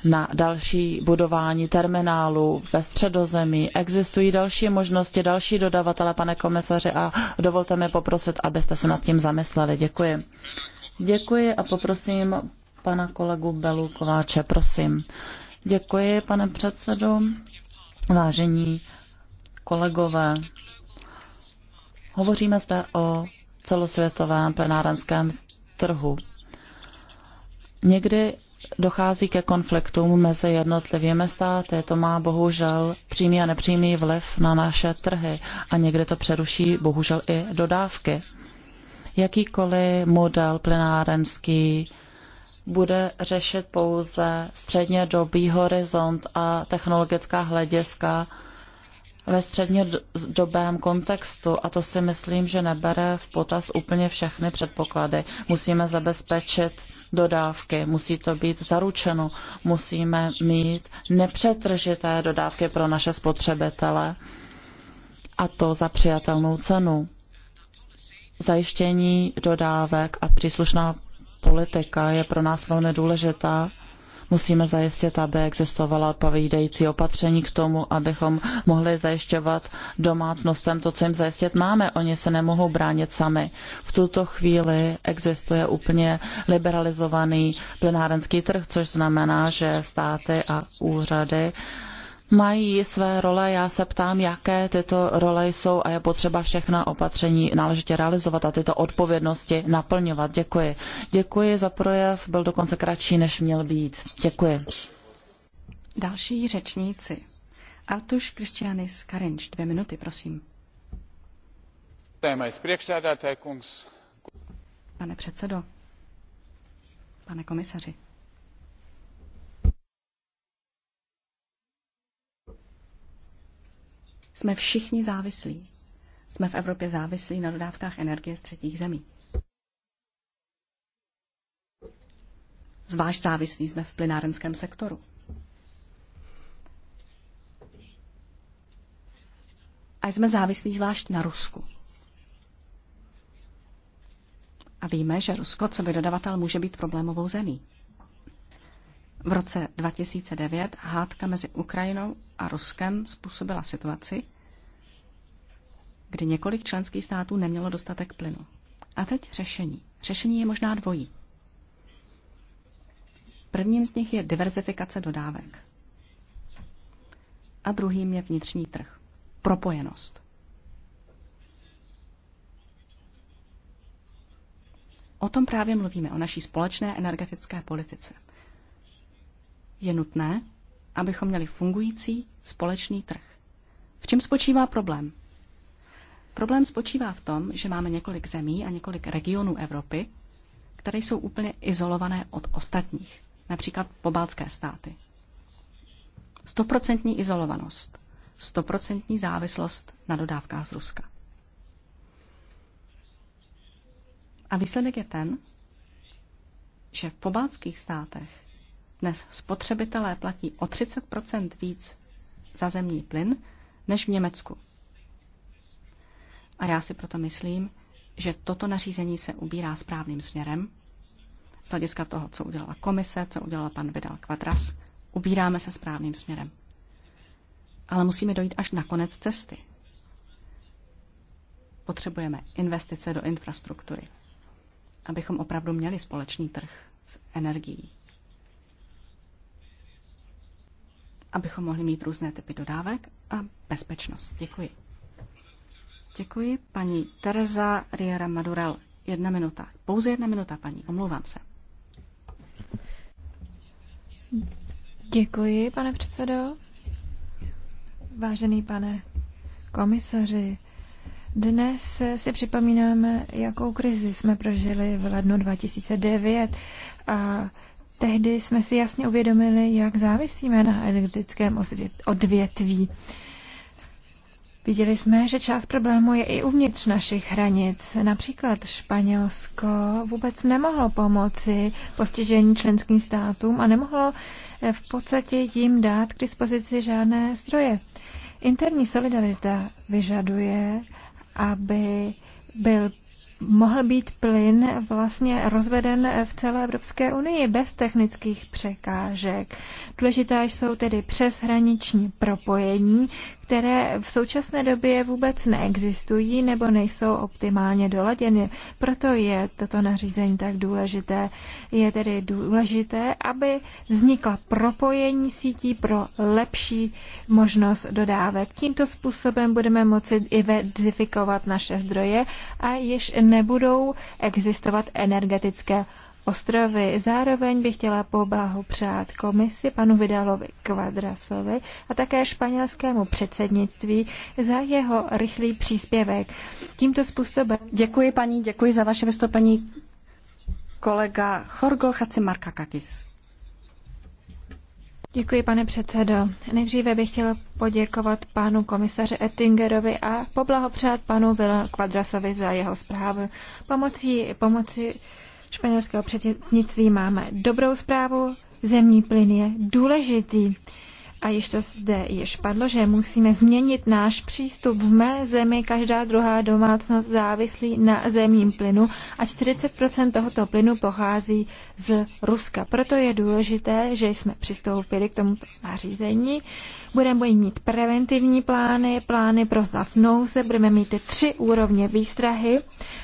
na další budování terminálu ve středozemí. Existují další možnosti, další dodavatele, pane komisaři, a dovolte mi poprosit, abyste se nad tím zamysleli. Děkuji. Děkuji a poprosím pana kolegu Belu Kováče, prosím. Děkuji, pane předsedo. Vážení kolegové, hovoříme zde o celosvětovém plenárenském trhu. Někdy dochází ke konfliktům mezi jednotlivými státy. To má bohužel přímý a nepřímý vliv na naše trhy a někde to přeruší bohužel i dodávky. Jakýkoliv model plenárenský bude řešit pouze středně dobý horizont a technologická hlediska ve středně dobém kontextu a to si myslím, že nebere v potaz úplně všechny předpoklady. Musíme zabezpečit dodávky. Musí to být zaručeno. Musíme mít nepřetržité dodávky pro naše spotřebitele a to za přijatelnou cenu. Zajištění dodávek a příslušná politika je pro nás velmi důležitá Musíme zajistit, aby existovala odpovídající opatření k tomu, abychom mohli zajišťovat domácnostem to, co jim zajistit máme. Oni se nemohou bránit sami. V tuto chvíli existuje úplně liberalizovaný plynárenský trh, což znamená, že státy a úřady mají své role. Já se ptám, jaké tyto role jsou a je potřeba všechna opatření náležitě realizovat a tyto odpovědnosti naplňovat. Děkuji. Děkuji za projev, byl dokonce kratší, než měl být. Děkuji. Další řečníci. Artuš Kristianis Karinč, dvě minuty, prosím. Pane předsedo, pane komisaři, Jsme všichni závislí. Jsme v Evropě závislí na dodávkách energie z třetích zemí. Zvlášť závislí jsme v plynárenském sektoru. A jsme závislí zvlášť na Rusku. A víme, že Rusko, co by dodavatel, může být problémovou zemí. V roce 2009 hádka mezi Ukrajinou a Ruskem způsobila situaci, kdy několik členských států nemělo dostatek plynu. A teď řešení. Řešení je možná dvojí. Prvním z nich je diverzifikace dodávek. A druhým je vnitřní trh. Propojenost. O tom právě mluvíme, o naší společné energetické politice. Je nutné, abychom měli fungující společný trh. V čem spočívá problém? Problém spočívá v tom, že máme několik zemí a několik regionů Evropy, které jsou úplně izolované od ostatních, například pobaltské státy. Stoprocentní izolovanost, stoprocentní závislost na dodávkách z Ruska. A výsledek je ten, že v pobaltských státech dnes spotřebitelé platí o 30 víc za zemní plyn než v Německu. A já si proto myslím, že toto nařízení se ubírá správným směrem. Z hlediska toho, co udělala komise, co udělal pan Vidal Quadras, ubíráme se správným směrem. Ale musíme dojít až na konec cesty. Potřebujeme investice do infrastruktury, abychom opravdu měli společný trh s energií. abychom mohli mít různé typy dodávek a bezpečnost. Děkuji. Děkuji. Paní Teresa Riera Madurel, jedna minuta. Pouze jedna minuta, paní. Omlouvám se. Děkuji, pane předsedo. Vážený pane komisaři, dnes si připomínáme, jakou krizi jsme prožili v lednu 2009 a Tehdy jsme si jasně uvědomili, jak závisíme na energetickém odvětví. Viděli jsme, že část problému je i uvnitř našich hranic. Například Španělsko vůbec nemohlo pomoci postižení členským státům a nemohlo eh, v podstatě jim dát k dispozici žádné zdroje. Interní solidarita vyžaduje, aby byl mohl být plyn vlastně rozveden v celé Evropské unii bez technických překážek. Důležité jsou tedy přeshraniční propojení, které v současné době vůbec neexistují nebo nejsou optimálně doladěny. Proto je toto nařízení tak důležité. Je tedy důležité, aby vznikla propojení sítí pro lepší možnost dodávek. Tímto způsobem budeme moci identifikovat naše zdroje a již nebudou existovat energetické ostrovy. Zároveň bych chtěla poblahopřát komisi panu Vidalovi Kvadrasovi a také španělskému předsednictví za jeho rychlý příspěvek. Tímto způsobem... Děkuji paní, děkuji za vaše vystoupení kolega Chorgo Marka Kakis. Děkuji, pane předsedo. Nejdříve bych chtěl poděkovat panu komisaři Ettingerovi a poblahopřát panu Vila Kvadrasovi za jeho zprávu. Pomocí, pomocí pomoci španělského předsednictví máme dobrou zprávu, zemní plyn je důležitý. A ještě zde již padlo, že musíme změnit náš přístup. V mé zemi každá druhá domácnost závislí na zemním plynu a 40 tohoto plynu pochází z Ruska. Proto je důležité, že jsme přistoupili k tomuto nařízení. Budeme mít preventivní plány, plány pro stav nouze, budeme mít ty tři úrovně výstrahy,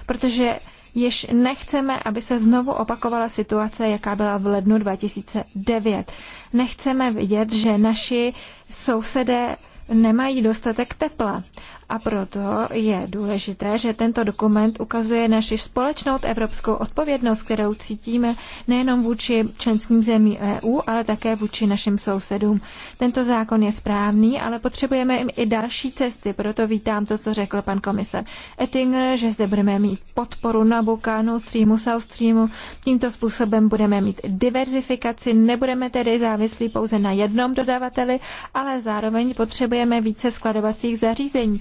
protože již nechceme, aby se znovu opakovala situace, jaká byla v lednu 2009. Nechceme vidět, že naši sousedé nemají dostatek tepla. A proto je důležité, že tento dokument ukazuje naši společnou evropskou odpovědnost, kterou cítíme nejenom vůči členským zemím EU, ale také vůči našim sousedům. Tento zákon je správný, ale potřebujeme jim i další cesty, proto vítám to, co řekl pan komisar Ettinger, že zde budeme mít podporu na Bukánu, Streamu, South Streamu. Tímto způsobem budeme mít diverzifikaci, nebudeme tedy závislí pouze na jednom dodavateli, ale zároveň potřebujeme více skladovacích zařízení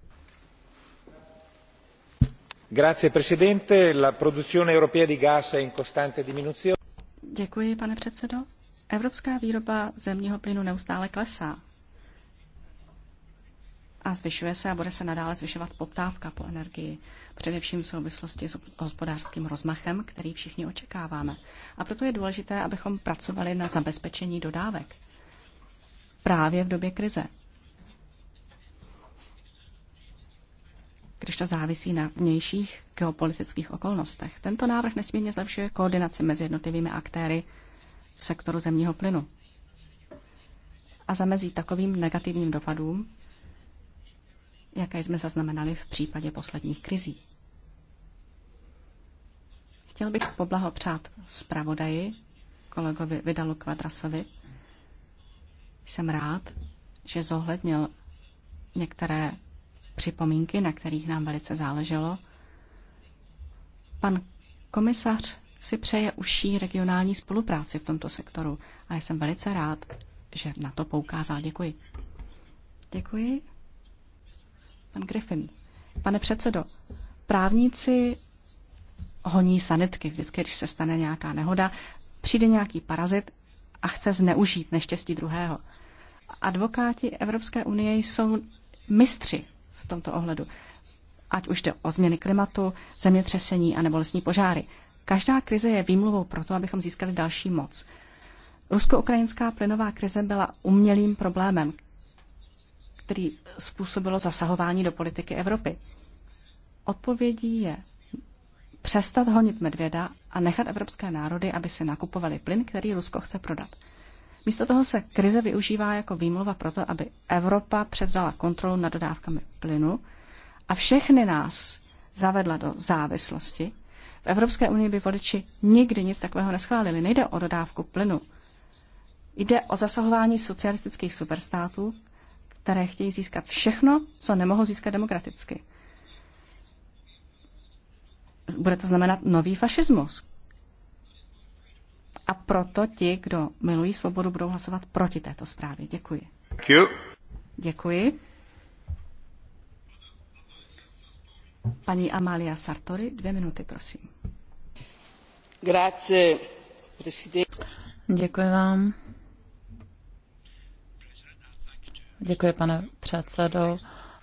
presidente. Děkuji, pane předsedo. Evropská výroba zemního plynu neustále klesá a zvyšuje se a bude se nadále zvyšovat poptávka po energii, především v souvislosti s hospodářským rozmachem, který všichni očekáváme. A proto je důležité, abychom pracovali na zabezpečení dodávek právě v době krize. když to závisí na vnějších geopolitických okolnostech. Tento návrh nesmírně zlepšuje koordinaci mezi jednotlivými aktéry v sektoru zemního plynu a zamezí takovým negativním dopadům, jaké jsme zaznamenali v případě posledních krizí. Chtěl bych poblahopřát zpravodaji, kolegovi Vidalu Kvadrasovi. Jsem rád, že zohlednil některé připomínky, na kterých nám velice záleželo. Pan komisař si přeje užší regionální spolupráci v tomto sektoru a jsem velice rád, že na to poukázal. Děkuji. Děkuji. Pan Griffin. Pane předsedo, právníci honí sanitky. Vždycky, když se stane nějaká nehoda, přijde nějaký parazit a chce zneužít neštěstí druhého. Advokáti Evropské unie jsou mistři v tomto ohledu. Ať už jde o změny klimatu, zemětřesení a nebo lesní požáry. Každá krize je výmluvou pro to, abychom získali další moc. Rusko-ukrajinská plynová krize byla umělým problémem, který způsobilo zasahování do politiky Evropy. Odpovědí je přestat honit medvěda a nechat evropské národy, aby si nakupovali plyn, který Rusko chce prodat. Místo toho se krize využívá jako výmluva to, aby Evropa převzala kontrolu nad dodávkami plynu a všechny nás zavedla do závislosti. V Evropské unii by voliči nikdy nic takového neschválili. Nejde o dodávku plynu. Jde o zasahování socialistických superstátů, které chtějí získat všechno, co nemohou získat demokraticky. Bude to znamenat nový fašismus, a proto ti, kdo milují svobodu, budou hlasovat proti této zprávě. Děkuji. Děkuji. Děkuji. Paní Amalia Sartori, dvě minuty, prosím. Grazie, Děkuji vám. Děkuji, pane předsedo,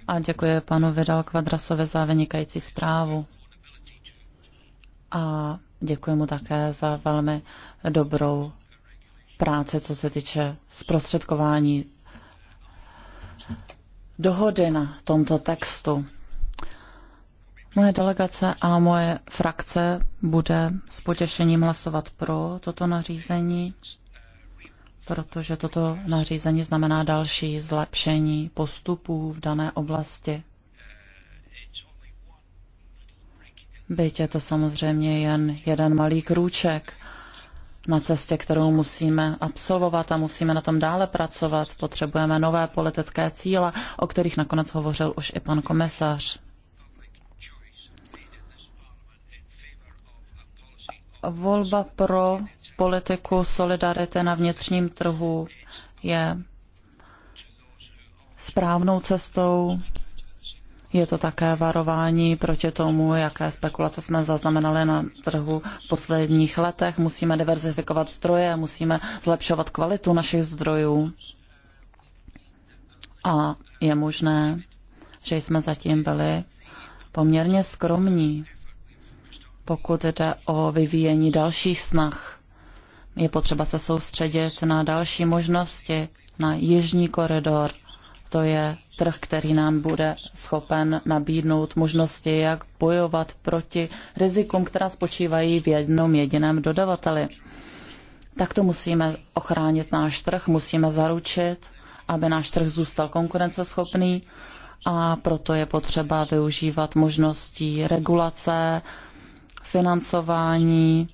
a děkuji panu Vidal Kvadrasovi za vynikající zprávu. A Děkuji mu také za velmi dobrou práci, co se týče zprostředkování dohody na tomto textu. Moje delegace a moje frakce bude s potěšením hlasovat pro toto nařízení, protože toto nařízení znamená další zlepšení postupů v dané oblasti. byť je to samozřejmě jen jeden malý krůček na cestě, kterou musíme absolvovat a musíme na tom dále pracovat. Potřebujeme nové politické cíle, o kterých nakonec hovořil už i pan komisař. Volba pro politiku solidarity na vnitřním trhu je správnou cestou je to také varování proti tomu, jaké spekulace jsme zaznamenali na trhu v posledních letech. Musíme diverzifikovat zdroje, musíme zlepšovat kvalitu našich zdrojů. A je možné, že jsme zatím byli poměrně skromní, pokud jde o vyvíjení dalších snah. Je potřeba se soustředit na další možnosti, na jižní koridor – to je trh, který nám bude schopen nabídnout možnosti, jak bojovat proti rizikům, která spočívají v jednom jediném dodavateli. Tak to musíme ochránit náš trh, musíme zaručit, aby náš trh zůstal konkurenceschopný a proto je potřeba využívat možností regulace, financování,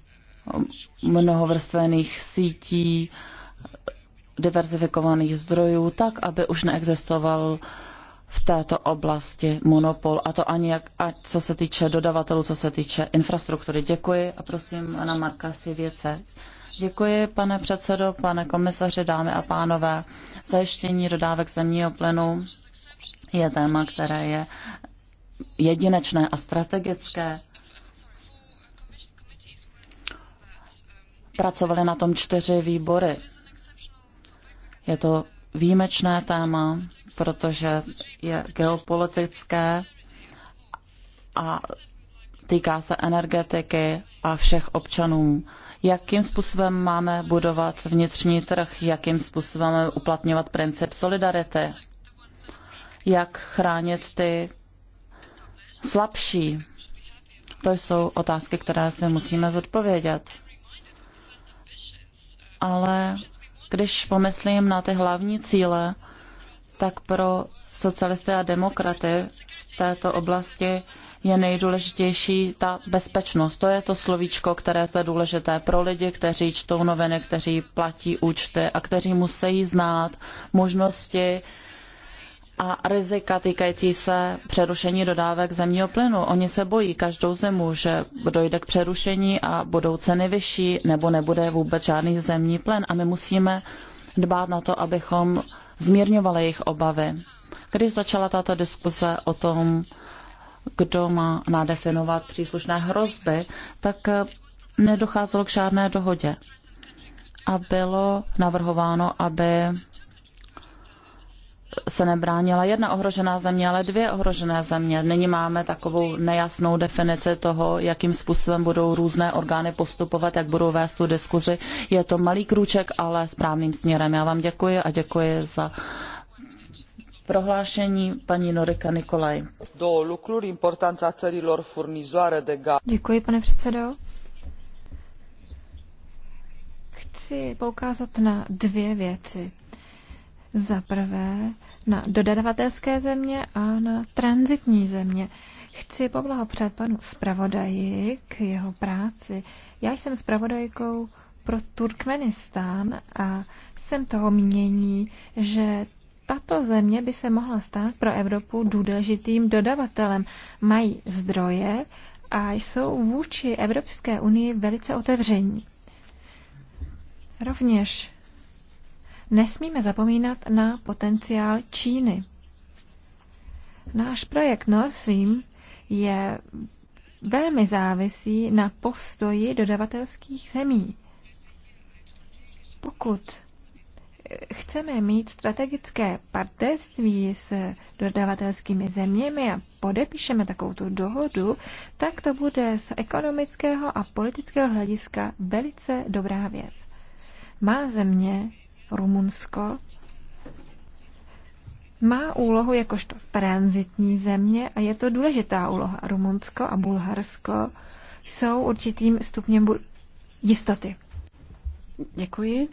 mnohovrstvených sítí, diverzifikovaných zdrojů tak, aby už neexistoval v této oblasti monopol, a to ani jak, a co se týče dodavatelů, co se týče infrastruktury. Děkuji a prosím na Marka si věce. Děkuji, pane předsedo, pane komisaři, dámy a pánové. Zajištění dodávek zemního plynu je téma, které je jedinečné a strategické. Pracovali na tom čtyři výbory je to výjimečné téma, protože je geopolitické a týká se energetiky a všech občanů. Jakým způsobem máme budovat vnitřní trh, jakým způsobem uplatňovat princip solidarity, jak chránit ty slabší. To jsou otázky, které si musíme zodpovědět. Ale když pomyslím na ty hlavní cíle, tak pro socialisty a demokraty v této oblasti je nejdůležitější ta bezpečnost. To je to slovíčko, které je důležité pro lidi, kteří čtou noviny, kteří platí účty a kteří musí znát možnosti a rizika týkající se přerušení dodávek zemního plynu. Oni se bojí každou zimu, že dojde k přerušení a budou ceny vyšší nebo nebude vůbec žádný zemní plyn a my musíme dbát na to, abychom zmírňovali jejich obavy. Když začala tato diskuse o tom, kdo má nadefinovat příslušné hrozby, tak eh, nedocházelo k žádné dohodě. A bylo navrhováno, aby se nebránila jedna ohrožená země, ale dvě ohrožené země. Nyní máme takovou nejasnou definici toho, jakým způsobem budou různé orgány postupovat, jak budou vést tu diskuzi. Je to malý krůček, ale správným směrem. Já vám děkuji a děkuji za prohlášení paní Norika Nikolaj. Děkuji, pane předsedo. Chci poukázat na dvě věci. Za prvé na dodavatelské země a na transitní země. Chci poblahopřát panu zpravodaji k jeho práci. Já jsem zpravodajkou pro Turkmenistán a jsem toho mínění, že tato země by se mohla stát pro Evropu důležitým dodavatelem. Mají zdroje a jsou vůči Evropské unii velice otevření. Rovněž Nesmíme zapomínat na potenciál Číny. Náš projekt Nord Stream je velmi závisí na postoji dodavatelských zemí. Pokud chceme mít strategické partnerství s dodavatelskými zeměmi a podepíšeme takovou tu dohodu, tak to bude z ekonomického a politického hlediska velice dobrá věc. Má země Rumunsko má úlohu jakožto tranzitní země a je to důležitá úloha. Rumunsko a Bulharsko jsou určitým stupněm jistoty. Děkuji.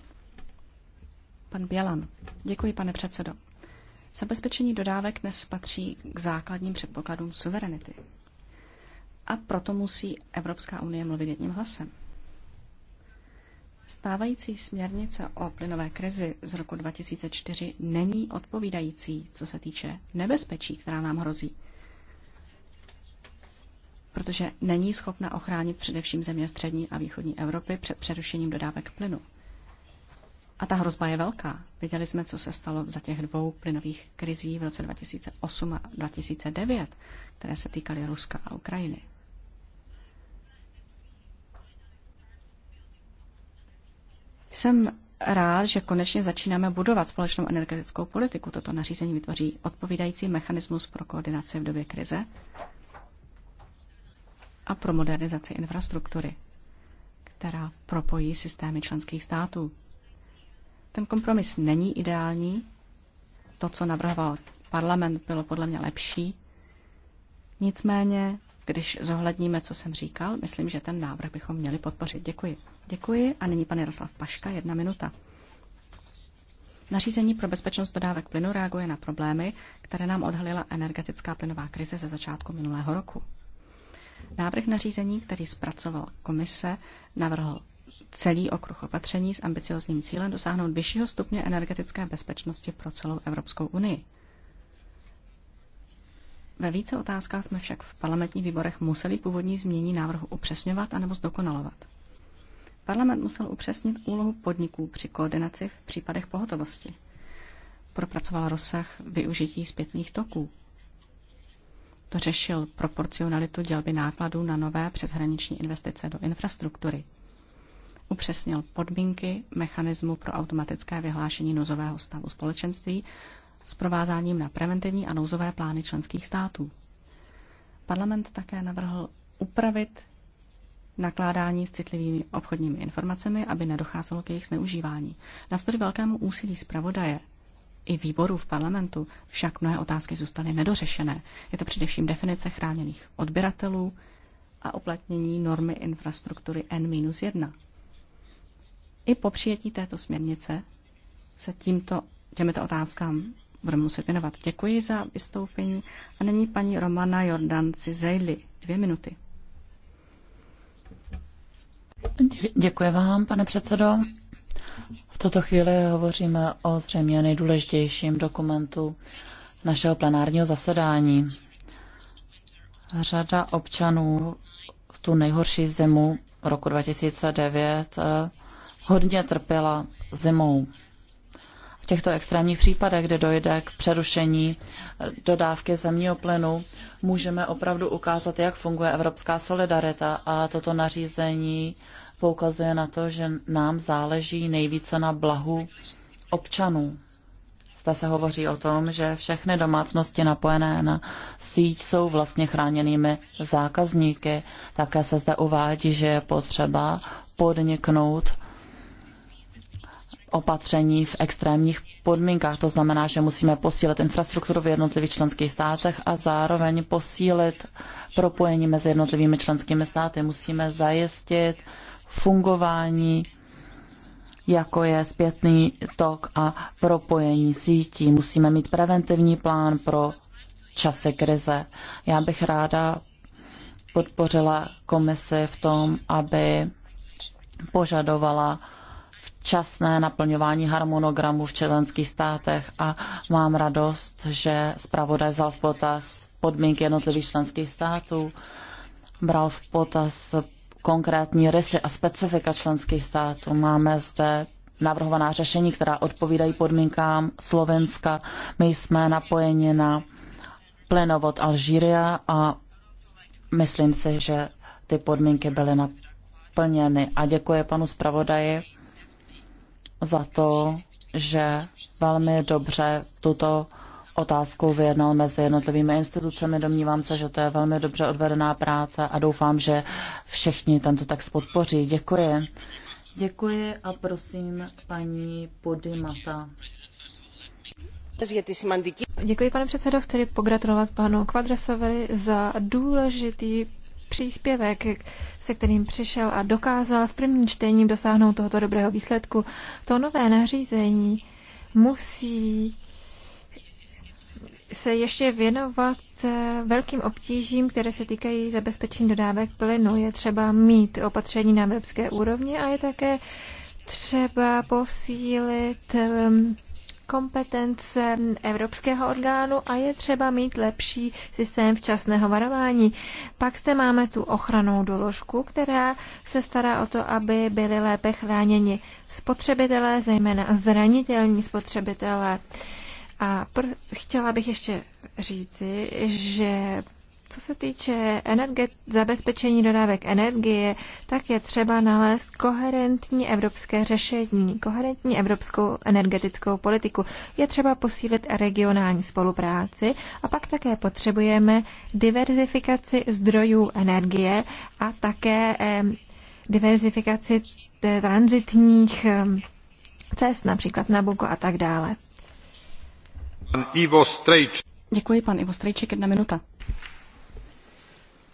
Pan Bělan. Děkuji, pane předsedo. Zabezpečení dodávek dnes patří k základním předpokladům suverenity. A proto musí Evropská unie mluvit jedním hlasem. Stávající směrnice o plynové krizi z roku 2004 není odpovídající, co se týče nebezpečí, která nám hrozí, protože není schopna ochránit především země střední a východní Evropy před přerušením dodávek plynu. A ta hrozba je velká. Viděli jsme, co se stalo za těch dvou plynových krizí v roce 2008 a 2009, které se týkaly Ruska a Ukrajiny. Jsem rád, že konečně začínáme budovat společnou energetickou politiku. Toto nařízení vytvoří odpovídající mechanismus pro koordinaci v době krize a pro modernizaci infrastruktury, která propojí systémy členských států. Ten kompromis není ideální. To, co navrhoval parlament, bylo podle mě lepší. Nicméně, když zohledníme, co jsem říkal, myslím, že ten návrh bychom měli podpořit. Děkuji. Děkuji a nyní pan Jaroslav Paška, jedna minuta. Nařízení pro bezpečnost dodávek plynu reaguje na problémy, které nám odhalila energetická plynová krize ze začátku minulého roku. Návrh nařízení, který zpracoval komise, navrhl celý okruh opatření s ambiciozním cílem dosáhnout vyššího stupně energetické bezpečnosti pro celou Evropskou unii. Ve více otázkách jsme však v parlamentních výborech museli původní změní návrhu upřesňovat anebo zdokonalovat. Parlament musel upřesnit úlohu podniků při koordinaci v případech pohotovosti. Propracoval rozsah využití zpětných toků. To řešil proporcionalitu dělby nákladů na nové přeshraniční investice do infrastruktury. Upřesnil podmínky mechanismu pro automatické vyhlášení nouzového stavu společenství s provázáním na preventivní a nouzové plány členských států. Parlament také navrhl upravit nakládání s citlivými obchodními informacemi, aby nedocházelo k jejich zneužívání. Navzdory velkému úsilí zpravodaje i výboru v parlamentu však mnohé otázky zůstaly nedořešené. Je to především definice chráněných odběratelů a uplatnění normy infrastruktury N-1. I po přijetí této směrnice se tímto, těmito otázkám budeme muset věnovat. Děkuji za vystoupení a není paní Romana Jordan Cizejli. Dvě minuty. Děkuji vám, pane předsedo. V tuto chvíli hovoříme o zřejmě nejdůležitějším dokumentu našeho plenárního zasedání. Řada občanů v tu nejhorší zimu roku 2009 eh, hodně trpěla zimou těchto extrémních případech, kde dojde k přerušení dodávky zemního plynu, můžeme opravdu ukázat, jak funguje evropská solidarita a toto nařízení poukazuje na to, že nám záleží nejvíce na blahu občanů. Zde se hovoří o tom, že všechny domácnosti napojené na síť jsou vlastně chráněnými zákazníky. Také se zde uvádí, že je potřeba podniknout opatření v extrémních podmínkách. To znamená, že musíme posílit infrastrukturu v jednotlivých členských státech a zároveň posílit propojení mezi jednotlivými členskými státy. Musíme zajistit fungování jako je zpětný tok a propojení sítí. Musíme mít preventivní plán pro časy krize. Já bych ráda podpořila komisi v tom, aby požadovala včasné naplňování harmonogramu v členských státech a mám radost, že zpravodaj vzal v potaz podmínky jednotlivých členských států, bral v potaz konkrétní rysy a specifika členských států. Máme zde navrhovaná řešení, která odpovídají podmínkám Slovenska. My jsme napojeni na plynovod Alžíria a myslím si, že ty podmínky byly naplněny. A děkuji panu zpravodaji za to, že velmi dobře tuto otázku vyjednal mezi jednotlivými institucemi. Domnívám se, že to je velmi dobře odvedená práce a doufám, že všichni tento text podpoří. Děkuji. Děkuji a prosím paní Podimata. Děkuji, pane předsedo. Chci pogratulovat panu Kvadrasovi za důležitý příspěvek, se kterým přišel a dokázal v prvním čtení dosáhnout tohoto dobrého výsledku. To nové nařízení musí se ještě věnovat velkým obtížím, které se týkají zabezpečení dodávek plynu. Je třeba mít opatření na evropské úrovni a je také třeba posílit um, kompetence evropského orgánu a je třeba mít lepší systém včasného varování. Pak zde máme tu ochranou doložku, která se stará o to, aby byly lépe chráněni spotřebitelé, zejména zranitelní spotřebitelé. A pr- chtěla bych ještě říci, že co se týče zabezpečení dodávek energie, tak je třeba nalézt koherentní evropské řešení, koherentní evropskou energetickou politiku. Je třeba posílit regionální spolupráci a pak také potřebujeme diverzifikaci zdrojů energie a také eh, diverzifikaci transitních cest, například Nabuko a tak dále. Ivo Děkuji, pan Ivo Strejček, jedna minuta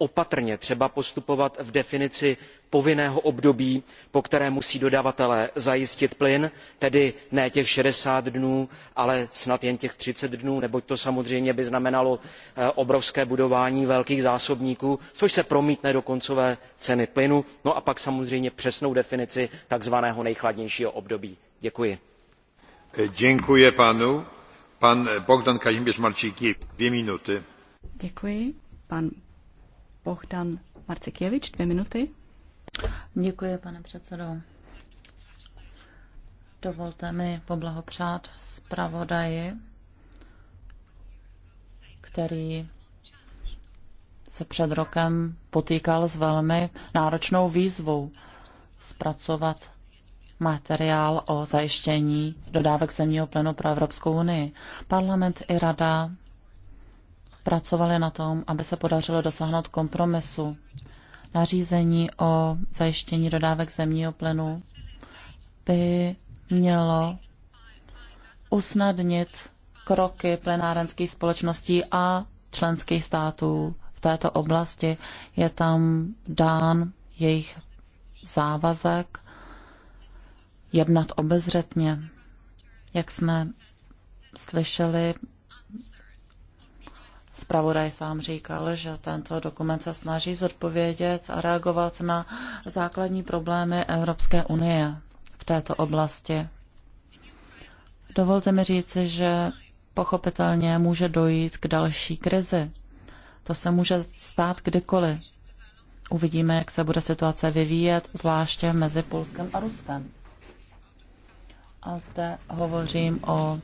opatrně třeba postupovat v definici povinného období po které musí dodavatelé zajistit plyn tedy ne těch sixty dnů ale snad jen těch thirty dnů neboť to samozřejmě by znamenalo eh, obrovské budování velkých zásobníků což se promítne do koncové ceny plynu no a pak samozřejmě přesnou definici takzvaného nejchladnějšího období. děkuji. Eh, děkuji Pan eh, Bogdan dvě minuty. Děkuji. Pan Bohdan Marcikěvič, dvě minuty. Děkuji, pane předsedo. Dovolte mi poblahopřát zpravodaji, který se před rokem potýkal s velmi náročnou výzvou zpracovat materiál o zajištění dodávek zemního plynu pro Evropskou unii. Parlament i rada pracovali na tom, aby se podařilo dosáhnout kompromisu. Nařízení o zajištění dodávek zemního plynu by mělo usnadnit kroky plenárenských společností a členských států v této oblasti. Je tam dán jejich závazek jednat obezřetně. Jak jsme slyšeli, Spravodaj sám říkal, že tento dokument se snaží zodpovědět a reagovat na základní problémy Evropské unie v této oblasti. Dovolte mi říci, že pochopitelně může dojít k další krizi. To se může stát kdykoliv. Uvidíme, jak se bude situace vyvíjet, zvláště mezi Polskem a Ruskem. A zde hovořím o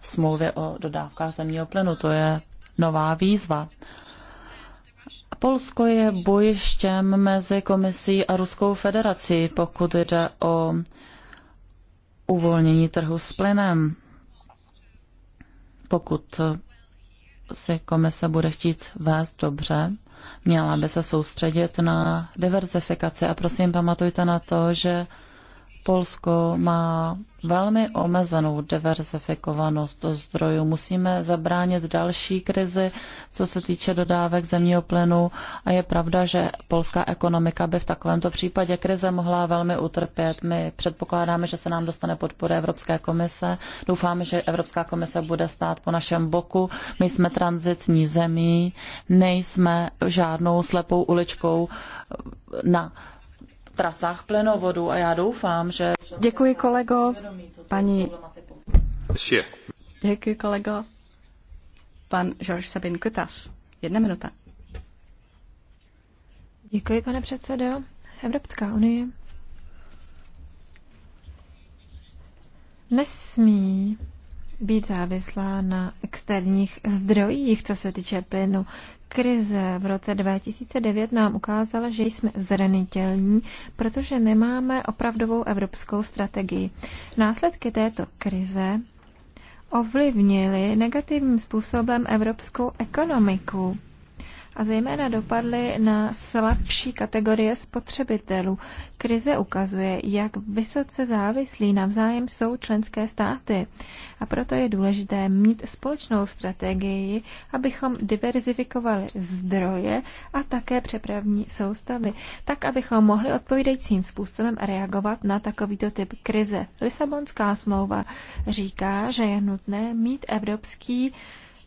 smlouvě o dodávkách zemního plynu. To je nová výzva. Polsko je bojištěm mezi komisí a Ruskou federací, pokud jde o uvolnění trhu s plynem. Pokud si komise bude chtít vést dobře, měla by se soustředit na diverzifikaci. A prosím, pamatujte na to, že Polsko má velmi omezenou diverzifikovanost zdrojů. Musíme zabránit další krizi, co se týče dodávek zemního plynu a je pravda, že polská ekonomika by v takovémto případě krize mohla velmi utrpět. My předpokládáme, že se nám dostane podpora Evropské komise. Doufáme, že Evropská komise bude stát po našem boku. My jsme transitní zemí, nejsme žádnou slepou uličkou na trasách plenovodu a já doufám, že... Děkuji kolego, paní... Děkuji kolego, pan Georges Sabin Kutas. Jedna minuta. Děkuji, pane předsedo. Evropská unie nesmí být závislá na externích zdrojích, co se týče plynu. Krize v roce 2009 nám ukázala, že jsme zranitelní, protože nemáme opravdovou evropskou strategii. Následky této krize ovlivnily negativním způsobem evropskou ekonomiku a zejména dopadly na slabší kategorie spotřebitelů. Krize ukazuje, jak vysoce závislí navzájem jsou členské státy a proto je důležité mít společnou strategii, abychom diverzifikovali zdroje a také přepravní soustavy, tak abychom mohli odpovídajícím způsobem reagovat na takovýto typ krize. Lisabonská smlouva říká, že je nutné mít evropský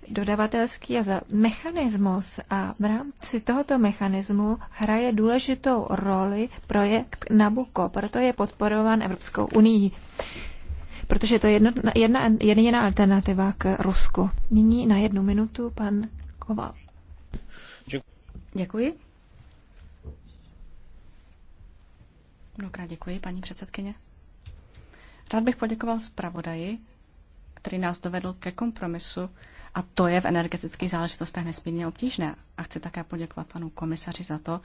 dodavatelský a za mechanismus a v rámci tohoto mechanismu hraje důležitou roli projekt Nabuko, proto je podporován Evropskou unii, protože to je jedna, jedna, jediná alternativa k Rusku. Nyní na jednu minutu pan Koval. Děkuji. Mnohokrát děkuji, paní předsedkyně. Rád bych poděkoval zpravodaji, který nás dovedl ke kompromisu, a to je v energetických záležitostech nesmírně obtížné. A chci také poděkovat panu komisaři za to,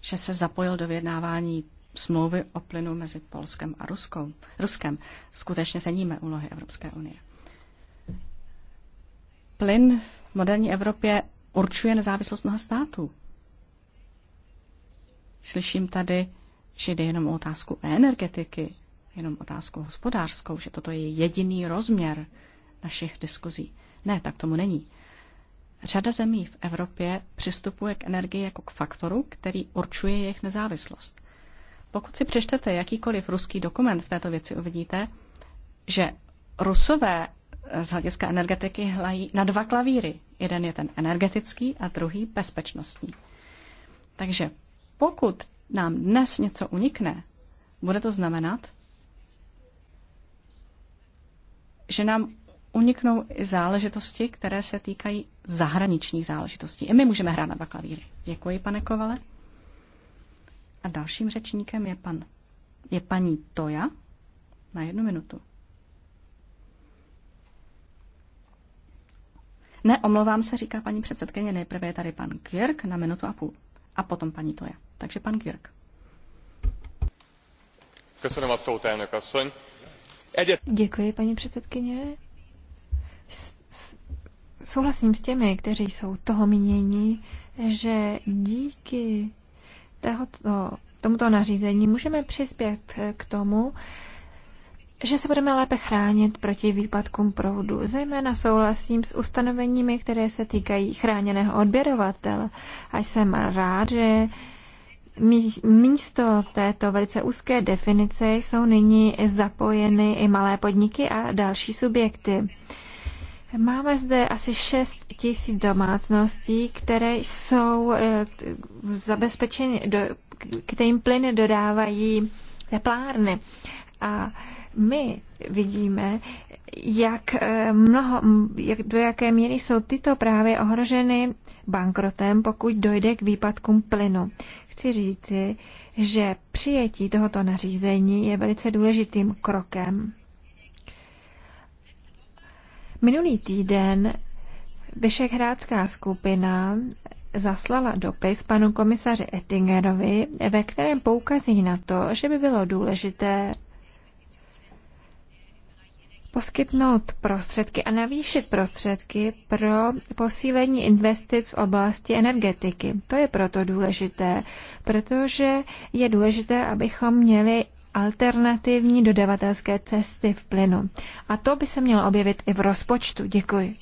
že se zapojil do vyjednávání smlouvy o plynu mezi Polskem a Ruskou. Ruskem. Skutečně ceníme úlohy Evropské unie. Plyn v moderní Evropě určuje nezávislost mnoha států. Slyším tady, že jde jenom o otázku energetiky, jenom otázku hospodářskou, že toto je jediný rozměr našich diskuzí. Ne, tak tomu není. Řada zemí v Evropě přistupuje k energii jako k faktoru, který určuje jejich nezávislost. Pokud si přečtete jakýkoliv ruský dokument v této věci, uvidíte, že rusové z hlediska energetiky hlají na dva klavíry. Jeden je ten energetický a druhý bezpečnostní. Takže pokud nám dnes něco unikne, bude to znamenat, že nám uniknou i záležitosti, které se týkají zahraničních záležitostí. I my můžeme hrát na dva klavíry. Děkuji, pane Kovale. A dalším řečníkem je, pan, je paní Toja na jednu minutu. Ne, omlouvám se, říká paní předsedkyně, nejprve je tady pan Kirk na minutu a půl a potom paní Toja. Takže pan Kirk. Děkuji, paní předsedkyně souhlasím s těmi, kteří jsou toho mínění, že díky tohoto, tomuto nařízení můžeme přispět k tomu, že se budeme lépe chránit proti výpadkům proudu. Zejména souhlasím s ustanoveními, které se týkají chráněného odběrovatele. A jsem rád, že místo této velice úzké definice jsou nyní zapojeny i malé podniky a další subjekty. Máme zde asi 6 tisíc domácností, které jsou eh, zabezpečeny, do, kterým plyny dodávají teplárny. A my vidíme, jak eh, mnoho, jak, do jaké míry jsou tyto právě ohroženy bankrotem, pokud dojde k výpadkům plynu. Chci říci, že přijetí tohoto nařízení je velice důležitým krokem Minulý týden Vyšehrádská skupina zaslala dopis panu komisaři Ettingerovi, ve kterém poukazí na to, že by bylo důležité poskytnout prostředky a navýšit prostředky pro posílení investic v oblasti energetiky. To je proto důležité, protože je důležité, abychom měli alternativní dodavatelské cesty v plynu. A to by se mělo objevit i v rozpočtu. Děkuji.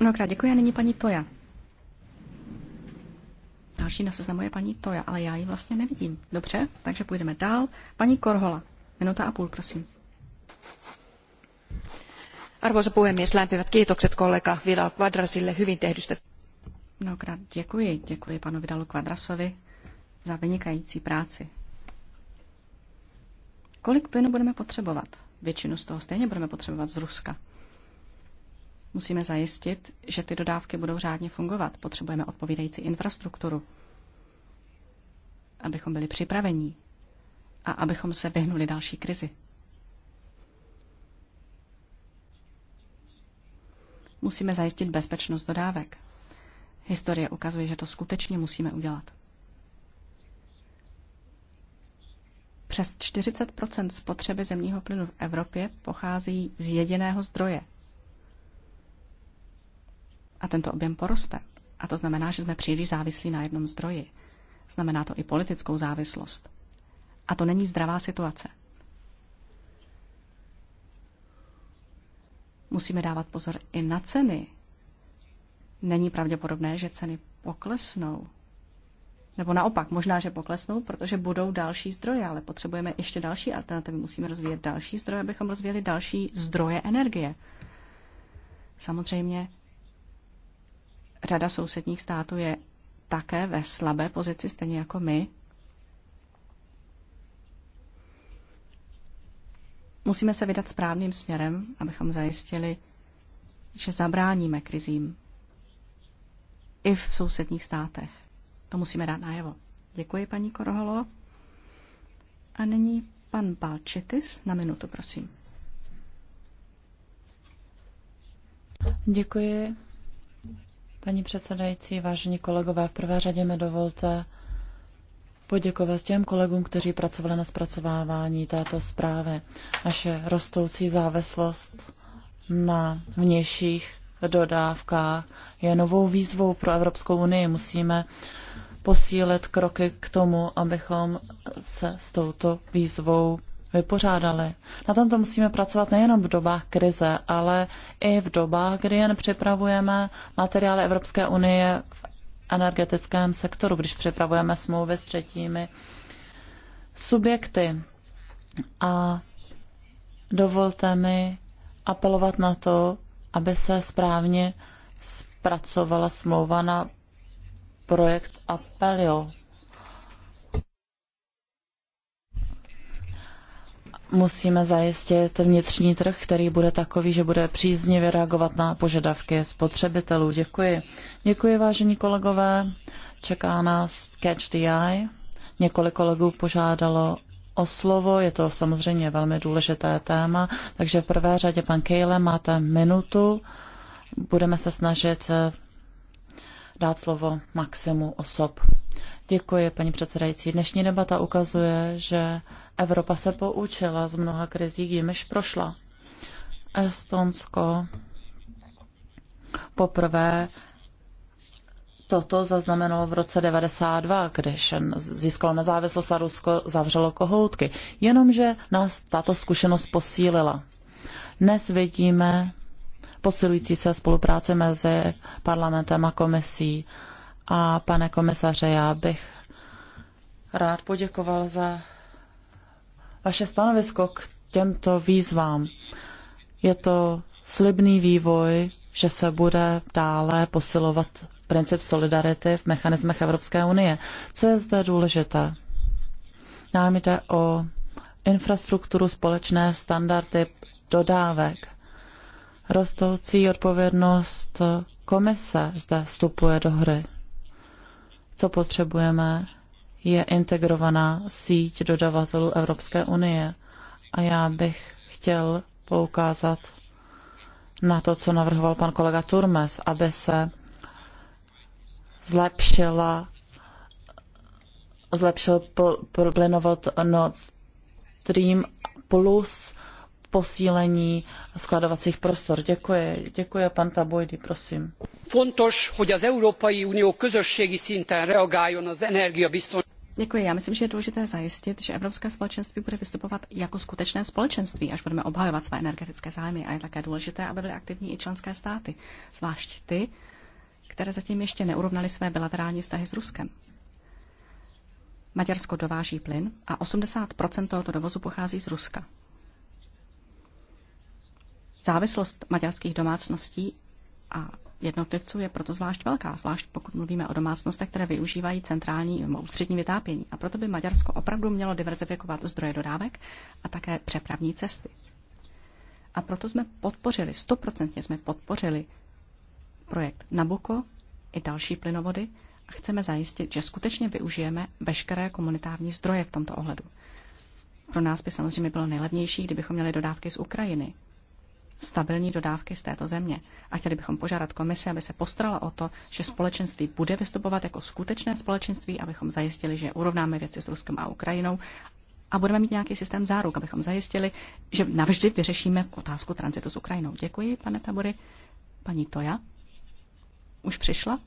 Mnohokrát děkuji a nyní paní Toja. Další na seznamu je paní Toja, ale já ji vlastně nevidím. Dobře, takže půjdeme dál. Paní Korhola, minuta a půl, prosím. Arvoisa puhemies, lämpimät kiitokset kollega Vidal Quadrasille hyvin tehdystä. Mnohokrát děkuji. Děkuji panu Vidalu Quadrasovi za vynikající práci. Kolik plynu budeme potřebovat? Většinu z toho stejně budeme potřebovat z Ruska. Musíme zajistit, že ty dodávky budou řádně fungovat. Potřebujeme odpovídající infrastrukturu, abychom byli připravení a abychom se vyhnuli další krizi. Musíme zajistit bezpečnost dodávek. Historie ukazuje, že to skutečně musíme udělat. Přes 40 spotřeby zemního plynu v Evropě pochází z jediného zdroje. A tento objem poroste. A to znamená, že jsme příliš závislí na jednom zdroji. Znamená to i politickou závislost. A to není zdravá situace. Musíme dávat pozor i na ceny. Není pravděpodobné, že ceny poklesnou nebo naopak, možná, že poklesnou, protože budou další zdroje, ale potřebujeme ještě další alternativy. Musíme rozvíjet další zdroje, abychom rozvíjeli další zdroje energie. Samozřejmě řada sousedních států je také ve slabé pozici, stejně jako my. Musíme se vydat správným směrem, abychom zajistili, že zabráníme krizím i v sousedních státech. To musíme dát najevo. Děkuji, paní Korholo. A nyní pan Balčitis na minutu, prosím. Děkuji, paní předsedající, vážení kolegové. V prvé řadě mi dovolte poděkovat těm kolegům, kteří pracovali na zpracovávání této zprávy. Naše rostoucí závislost na vnějších dodávkách je novou výzvou pro Evropskou unii. Musíme posílit kroky k tomu, abychom se s touto výzvou vypořádali. Na tomto musíme pracovat nejenom v dobách krize, ale i v dobách, kdy jen připravujeme materiály Evropské unie v energetickém sektoru, když připravujeme smlouvy s třetími subjekty. A dovolte mi apelovat na to, aby se správně zpracovala smlouva na projekt Apelio. Musíme zajistit vnitřní trh, který bude takový, že bude příznivě reagovat na požadavky spotřebitelů. Děkuji. Děkuji, vážení kolegové. Čeká nás Catch the Eye. Několik kolegů požádalo o slovo, je to samozřejmě velmi důležité téma, takže v prvé řadě, pan Kejle, máte minutu, budeme se snažit eh, dát slovo maximu osob. Děkuji, paní předsedající. Dnešní debata ukazuje, že Evropa se poučila z mnoha krizí, jimž prošla. Estonsko poprvé toto zaznamenalo v roce 92, když získalo nezávislost a Rusko zavřelo kohoutky. Jenomže nás tato zkušenost posílila. Dnes vidíme posilující se spolupráce mezi parlamentem a komisí. A pane komisaře, já bych rád poděkoval za vaše stanovisko k těmto výzvám. Je to slibný vývoj, že se bude dále posilovat princip solidarity v mechanismech Evropské unie. Co je zde důležité? Nám jde o infrastrukturu, společné standardy dodávek, rostoucí odpovědnost komise zde vstupuje do hry. Co potřebujeme, je integrovaná síť dodavatelů Evropské unie. A já bych chtěl poukázat na to, co navrhoval pan kolega Turmes, aby se zlepšila zlepšil plynovod Nord Stream plus posílení skladovacích prostor. Děkuji. Děkuji, pan Tabojdy, prosím. Děkuji. Já myslím, že je důležité zajistit, že Evropské společenství bude vystupovat jako skutečné společenství, až budeme obhajovat své energetické zájmy. A je také důležité, aby byly aktivní i členské státy, zvlášť ty, které zatím ještě neurovnaly své bilaterální vztahy s Ruskem. Maďarsko dováží plyn a 80 tohoto dovozu pochází z Ruska. Závislost maďarských domácností a jednotlivců je proto zvlášť velká, zvlášť pokud mluvíme o domácnostech, které využívají centrální nebo ústřední vytápění. A proto by Maďarsko opravdu mělo diverzifikovat zdroje dodávek a také přepravní cesty. A proto jsme podpořili, stoprocentně jsme podpořili projekt Nabuko i další plynovody a chceme zajistit, že skutečně využijeme veškeré komunitární zdroje v tomto ohledu. Pro nás by samozřejmě bylo nejlevnější, kdybychom měli dodávky z Ukrajiny, stabilní dodávky z této země. A chtěli bychom požádat komisi, aby se postarala o to, že společenství bude vystupovat jako skutečné společenství, abychom zajistili, že urovnáme věci s Ruskem a Ukrajinou a budeme mít nějaký systém záruk, abychom zajistili, že navždy vyřešíme otázku tranzitu s Ukrajinou. Děkuji, pane Tabory. Paní Toja. Už přišla?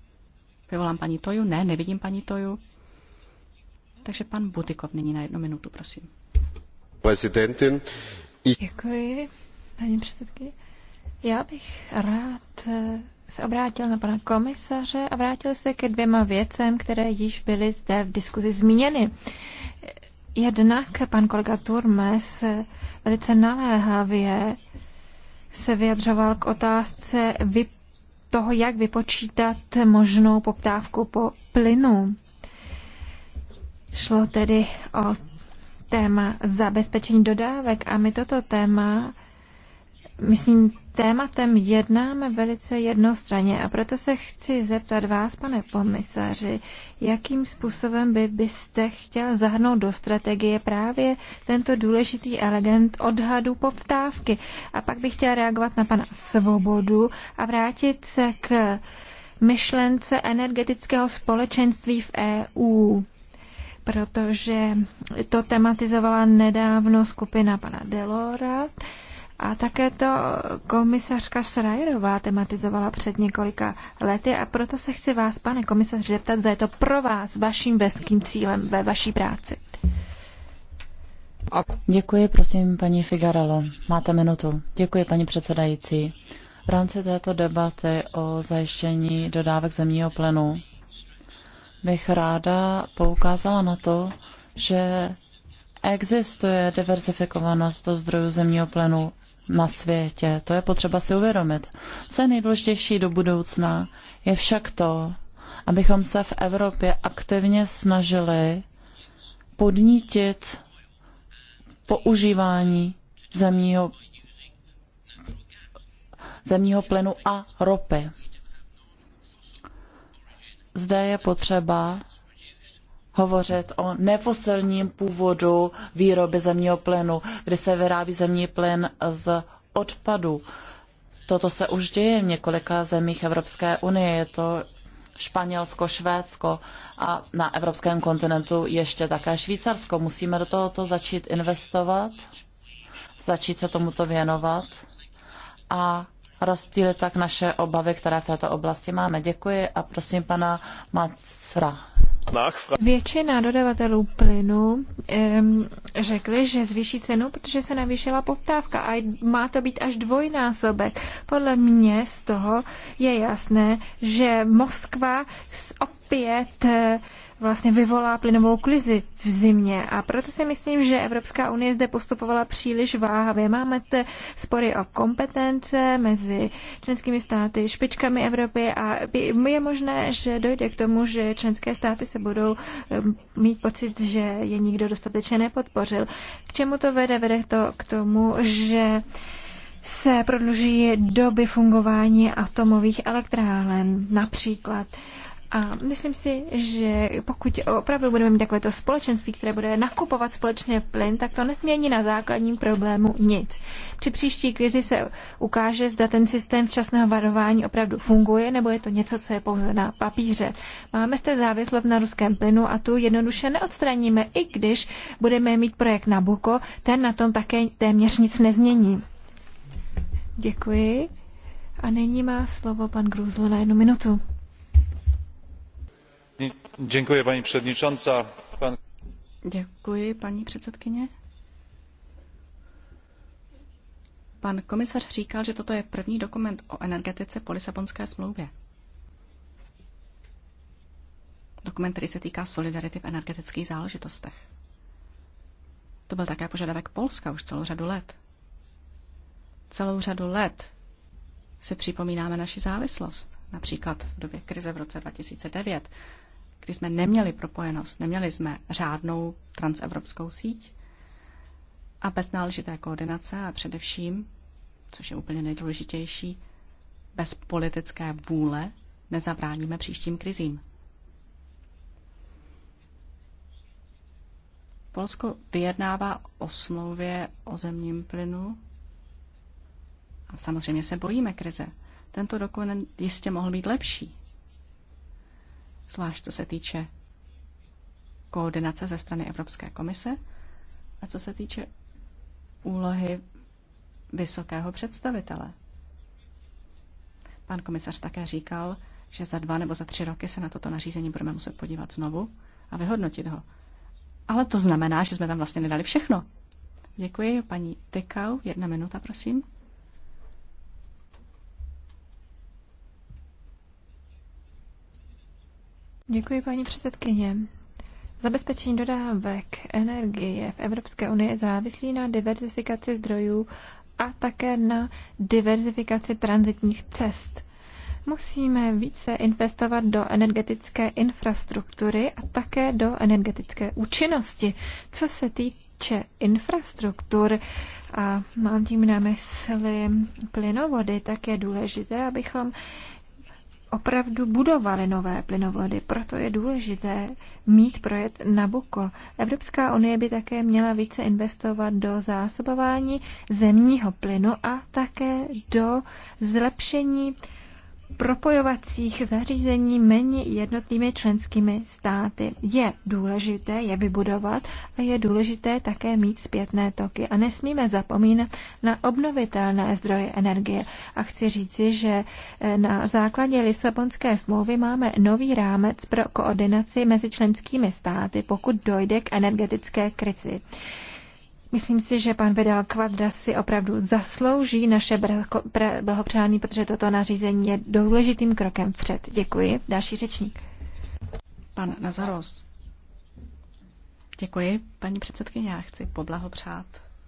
Vyvolám paní Toju. Ne, nevidím paní Toju. Takže pan Butikov nyní na jednu minutu, prosím. Prezidentin. Děkuji, paní předsedky. Já bych rád eh, se obrátil na pana komisaře a vrátil se ke dvěma věcem, které již byly zde v diskuzi zmíněny. Jednak pan kolega Turmes velice naléhavě se vyjadřoval k otázce vyp- toho, jak vypočítat možnou poptávku po plynu. Šlo tedy o téma zabezpečení dodávek a my toto téma myslím, tématem jednáme velice jednostranně a proto se chci zeptat vás, pane komisaři, jakým způsobem by byste chtěl zahrnout do strategie právě tento důležitý elegant odhadu poptávky. A pak bych chtěl reagovat na pana Svobodu a vrátit se k myšlence energetického společenství v EU protože to tematizovala nedávno skupina pana Delora a také to komisařka Schreierová tematizovala před několika lety a proto se chci vás, pane komisař, zeptat, zda je to pro vás vaším veským cílem ve vaší práci. Děkuji, prosím, paní Figaralo. Máte minutu. Děkuji, paní předsedající. V rámci této debaty o zajištění dodávek zemního plynu bych ráda poukázala na to, že existuje diverzifikovanost do zdrojů zemního plynu na světě. To je potřeba si uvědomit. Co je nejdůležitější do budoucna, je však to, abychom se v Evropě aktivně snažili podnítit používání zemního, zemního plynu a ropy. Zde je potřeba hovořit o nefosilním původu výroby zemního plynu, kdy se vyrábí zemní plyn z odpadu. Toto se už děje v několika zemích Evropské unie. Je to Španělsko, Švédsko a na evropském kontinentu ještě také Švýcarsko. Musíme do tohoto začít investovat, začít se tomuto věnovat a rozptýlit tak naše obavy, které v této oblasti máme. Děkuji a prosím pana Macra. Většina dodavatelů plynu um, řekli, že zvýší cenu, protože se navýšila poptávka a má to být až dvojnásobek. Podle mě z toho je jasné, že Moskva opět uh, vlastně vyvolá plynovou krizi v zimě. A proto si myslím, že Evropská unie zde postupovala příliš váhavě. Máme zde spory o kompetence mezi členskými státy, špičkami Evropy a je možné, že dojde k tomu, že členské státy se budou um, mít pocit, že je nikdo dostatečně nepodpořil. K čemu to vede? Vede to k tomu, že se prodluží doby fungování atomových elektráren například. A myslím si, že pokud opravdu budeme mít takovéto společenství, které bude nakupovat společně plyn, tak to nezmění na základním problému nic. Při příští krizi se ukáže, zda ten systém včasného varování opravdu funguje, nebo je to něco, co je pouze na papíře. Máme zde závislost na ruském plynu a tu jednoduše neodstraníme, i když budeme mít projekt Nabuko, ten na tom také téměř nic nezmění. Děkuji. A nyní má slovo pan Gruzl na jednu minutu. Děkuji, paní předsedající. Pan... předsedkyně. Pan komisař říkal, že toto je první dokument o energetice po Lisabonské smlouvě. Dokument, který se týká solidarity v energetických záležitostech. To byl také požadavek Polska už celou řadu let. Celou řadu let si připomínáme naši závislost, například v době krize v roce 2009, kdy jsme neměli propojenost, neměli jsme řádnou transevropskou síť a bez náležité koordinace a především, což je úplně nejdůležitější, bez politické vůle nezabráníme příštím krizím. Polsko vyjednává o smlouvě o zemním plynu a samozřejmě se bojíme krize. Tento dokument jistě mohl být lepší zvlášť co se týče koordinace ze strany Evropské komise a co se týče úlohy vysokého představitele. Pan komisař také říkal, že za dva nebo za tři roky se na toto nařízení budeme muset podívat znovu a vyhodnotit ho. Ale to znamená, že jsme tam vlastně nedali všechno. Děkuji, paní Tykau. Jedna minuta, prosím. Děkuji, paní předsedkyně. Zabezpečení dodávek energie v Evropské unii závislí na diverzifikaci zdrojů a také na diverzifikaci transitních cest. Musíme více investovat do energetické infrastruktury a také do energetické účinnosti. Co se týče infrastruktur, a mám tím na mysli plynovody, tak je důležité, abychom opravdu budovaly nové plynovody. Proto je důležité mít projekt Nabuko. Evropská unie by také měla více investovat do zásobování zemního plynu a také do zlepšení uh, propojovacích zařízení mezi jednotnými členskými státy. Je důležité je vybudovat a je důležité také mít zpětné toky. A nesmíme zapomínat na obnovitelné zdroje energie. A chci říci, že eh, na základě Lisabonské smlouvy máme nový rámec pro koordinaci mezi členskými státy, pokud dojde k energetické krizi. Myslím si, že pan Vidal Kvadra si opravdu zaslouží naše blahopřání, protože toto nařízení je důležitým krokem vpřed. Děkuji. Další řečník. Pan Nazaros. Děkuji, paní předsedkyně. Já chci poblahopřát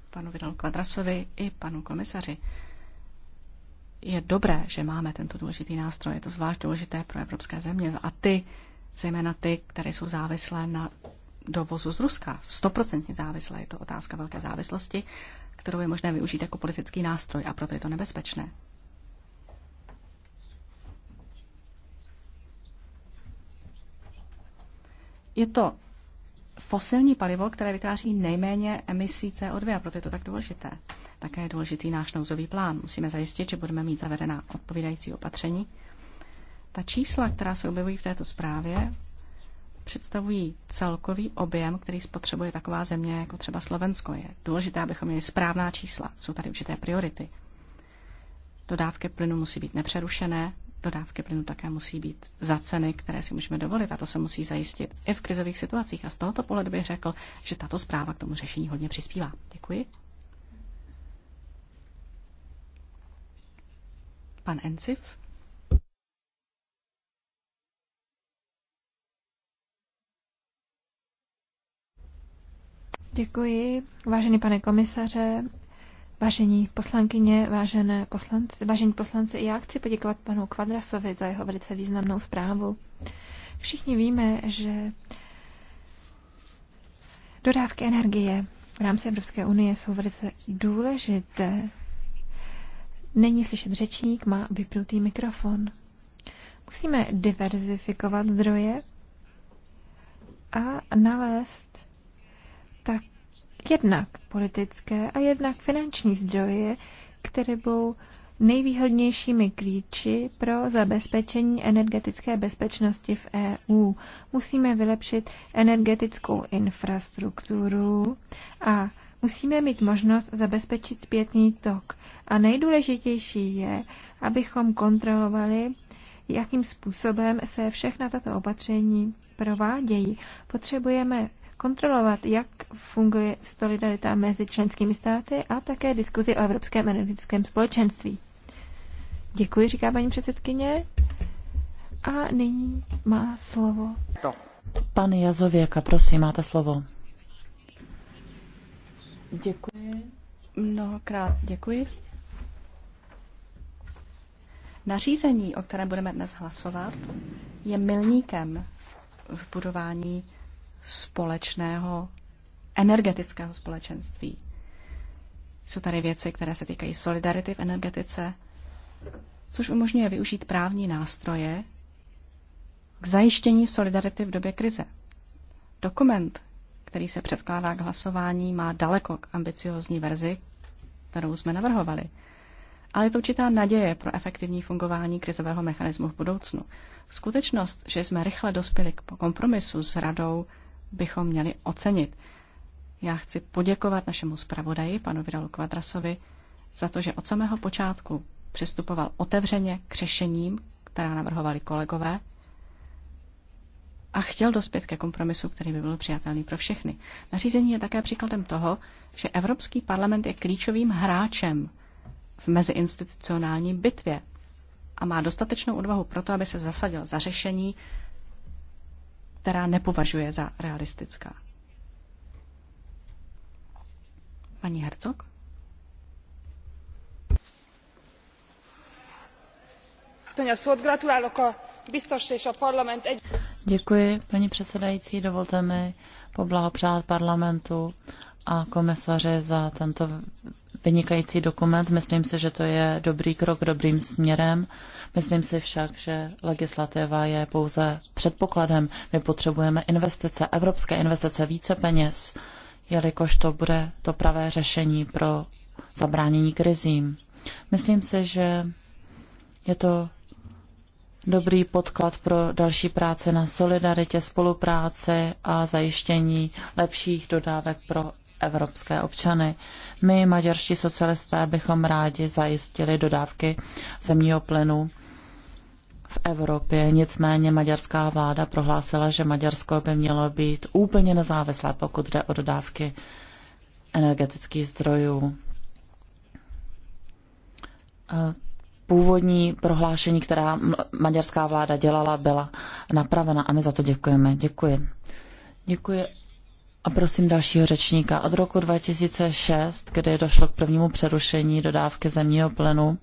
panu Vidal Kvadrasovi i panu komisaři. Je dobré, že máme tento důležitý nástroj. Je to zvlášť důležité pro evropské země a ty, zejména ty, které jsou závislé na dovozu z Ruska. Stoprocentně závislé. Je to otázka velké závislosti, kterou je možné využít jako politický nástroj a proto je to nebezpečné. Je to fosilní palivo, které vytváří nejméně emisí CO2 a proto je to tak důležité. Také je důležitý náš nouzový plán. Musíme zajistit, že budeme mít zavedená odpovídající opatření. Ta čísla, která se objevují v této zprávě, představují celkový objem, který spotřebuje taková země, jako třeba Slovensko. Je důležité, abychom měli správná čísla. Jsou tady určité priority. Dodávky plynu musí být nepřerušené, dodávky plynu také musí být za ceny, které si můžeme dovolit a to se musí zajistit i v krizových situacích. A z tohoto pohledu bych řekl, že tato zpráva k tomu řešení hodně přispívá. Děkuji. Pan Encif. Děkuji, vážený pane komisaře, vážení poslankyně, vážené poslanci, vážení poslanci. Já chci poděkovat panu Kvadrasovi za jeho velice významnou zprávu. Všichni víme, že dodávky energie v rámci Evropské unie jsou velice důležité. Není slyšet řečník, má vypnutý mikrofon. Musíme diverzifikovat zdroje a nalézt tak jednak politické a jednak finanční zdroje, které budou nejvýhodnějšími klíči pro zabezpečení energetické bezpečnosti v EU. Musíme vylepšit energetickou infrastrukturu a musíme mít možnost zabezpečit zpětný tok. A nejdůležitější je, abychom kontrolovali, jakým způsobem se všechna tato opatření provádějí. Potřebujeme kontrolovat, jak funguje solidarita mezi členskými státy a také diskuzi o Evropském energetickém společenství. Děkuji, říká paní předsedkyně. A nyní má slovo. To. Pan Jazověka, prosím, máte slovo. Děkuji. Mnohokrát děkuji. Nařízení, o kterém budeme dnes hlasovat, je milníkem v budování společného energetického společenství. Jsou tady věci, které se týkají solidarity v energetice, což umožňuje využít právní nástroje k zajištění solidarity v době krize. Dokument, který se předkládá k hlasování, má daleko k ambiciozní verzi, kterou jsme navrhovali. Ale je to určitá naděje pro efektivní fungování krizového mechanismu v budoucnu. Skutečnost, že jsme rychle dospěli k kompromisu s radou, bychom měli ocenit. Já chci poděkovat našemu zpravodaji, panu Vidalu Kvadrasovi, za to, že od samého počátku přistupoval otevřeně k řešením, která navrhovali kolegové, a chtěl dospět ke kompromisu, který by byl přijatelný pro všechny. Nařízení je také příkladem toho, že Evropský parlament je klíčovým hráčem v meziinstitucionální bitvě a má dostatečnou odvahu pro to, aby se zasadil za řešení, která nepovažuje za realistická. Paní Hercog? Děkuji, paní předsedající. Dovolte mi poblahopřát parlamentu a komisaři za tento vynikající dokument. Myslím si, že to je dobrý krok dobrým směrem. Myslím si však, že legislativa je pouze předpokladem. My potřebujeme investice, evropské investice, více peněz, jelikož to bude to pravé řešení pro zabránění krizím. Myslím si, že je to dobrý podklad pro další práce na solidaritě, spolupráci a zajištění lepších dodávek pro evropské občany. My, maďarští socialisté, bychom rádi zajistili dodávky zemního plynu v Evropě. Nicméně maďarská vláda prohlásila, že Maďarsko by mělo být úplně nezávislé, pokud jde o dodávky energetických zdrojů. Původní prohlášení, která maďarská vláda dělala, byla napravena a my za to děkujeme. Děkuji. Děkuji a prosím dalšího řečníka. Od roku 2006, kdy došlo k prvnímu přerušení dodávky zemního plynu,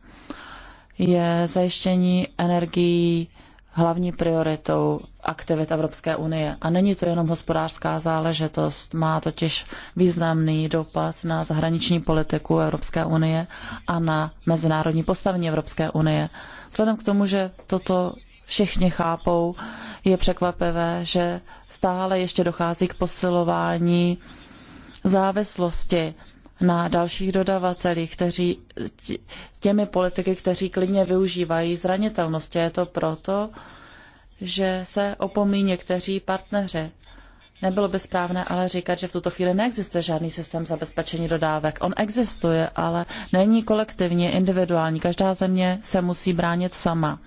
je zajištění energií hlavní prioritou aktivit Evropské unie. A není to jenom hospodářská záležitost, má totiž významný dopad na zahraniční politiku Evropské unie a na mezinárodní postavení Evropské unie. Vzhledem k tomu, že toto všichni chápou, je překvapivé, že stále ještě dochází k posilování závislosti na dalších dodavatelích, kteří těmi politiky, kteří klidně využívají zranitelnosti. Je to proto, že se opomí někteří partneři. Nebylo by správné ale říkat, že v tuto chvíli neexistuje žádný systém zabezpečení dodávek. On existuje, ale není kolektivně, individuální. Každá země se musí bránit sama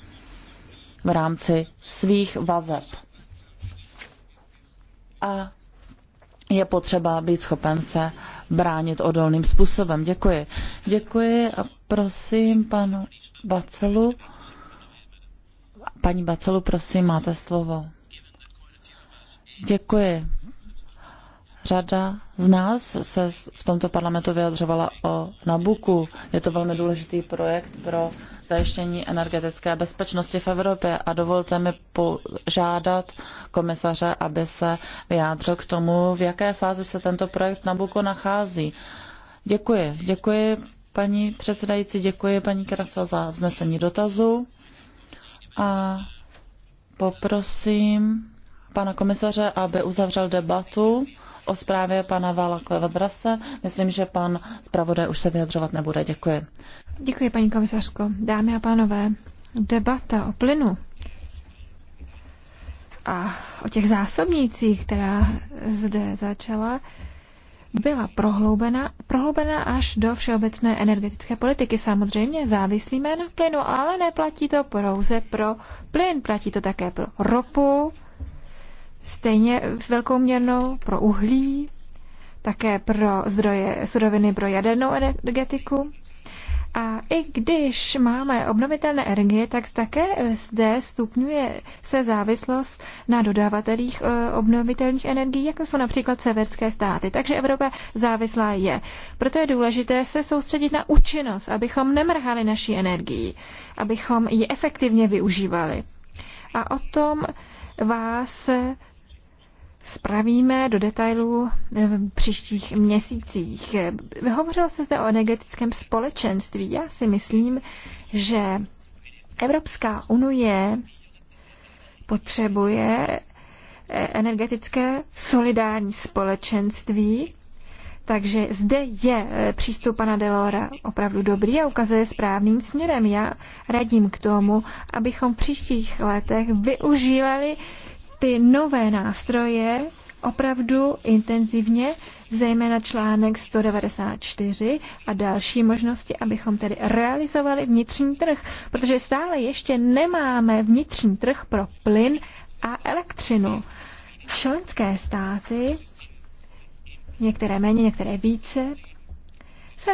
v rámci svých vazeb. A je potřeba být schopen se bránit odolným způsobem. Děkuji. Děkuji a prosím panu Bacelu. Paní Bacelu, prosím, máte slovo. Děkuji. Řada z nás se v tomto parlamentu vyjadřovala o Nabuku. Je to velmi důležitý projekt pro zajištění energetické bezpečnosti v Evropě a dovolte mi požádat komisaře, aby se vyjádřil k tomu, v jaké fázi se tento projekt Nabuko nachází. Děkuji. Děkuji paní předsedající, děkuji paní Kraca za vznesení dotazu a poprosím pana komisaře, aby uzavřel debatu o zprávě pana Vala Kvedrase. Myslím, že pan zpravodaj už se vyjadřovat nebude. Děkuji. Děkuji, paní komisařko. Dámy a pánové, debata o plynu a o těch zásobnících, která zde začala, byla prohloubena, prohloubena až do všeobecné energetické politiky. Samozřejmě závislíme na plynu, ale neplatí to pouze pro plyn, platí to také pro ropu, stejně velkou měrnou pro uhlí, také pro zdroje suroviny pro jadernou energetiku. A i když máme obnovitelné energie, tak také zde stupňuje se závislost na dodavatelích eh, obnovitelných energií, jako jsou například severské státy. Takže Evropa závislá je. Proto je důležité se soustředit na účinnost, abychom nemrhali naší energii, abychom ji efektivně využívali. A o tom vás spravíme do detailů v příštích měsících. Hovořilo se zde o energetickém společenství. Já si myslím, že Evropská unie potřebuje eh, energetické solidární společenství, takže zde je eh, přístup pana Delora opravdu dobrý a ukazuje správným směrem. Já radím k tomu, abychom v příštích letech využívali ty nové nástroje opravdu intenzivně, zejména článek 194 a další možnosti, abychom tedy realizovali vnitřní trh, protože stále ještě nemáme vnitřní trh pro plyn a elektřinu. Členské státy, některé méně, některé více, se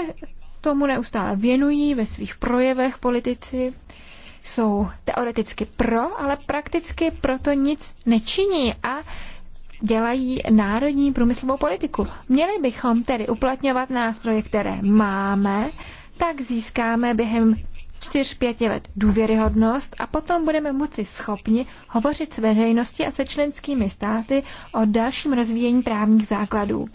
tomu neustále věnují ve svých projevech politici, jsou teoreticky pro, ale prakticky proto nic nečiní a dělají národní průmyslovou politiku. Měli bychom tedy uplatňovat nástroje, které máme, tak získáme během 4-5 let důvěryhodnost a potom budeme moci schopni hovořit s veřejností a se členskými státy o dalším rozvíjení právních základů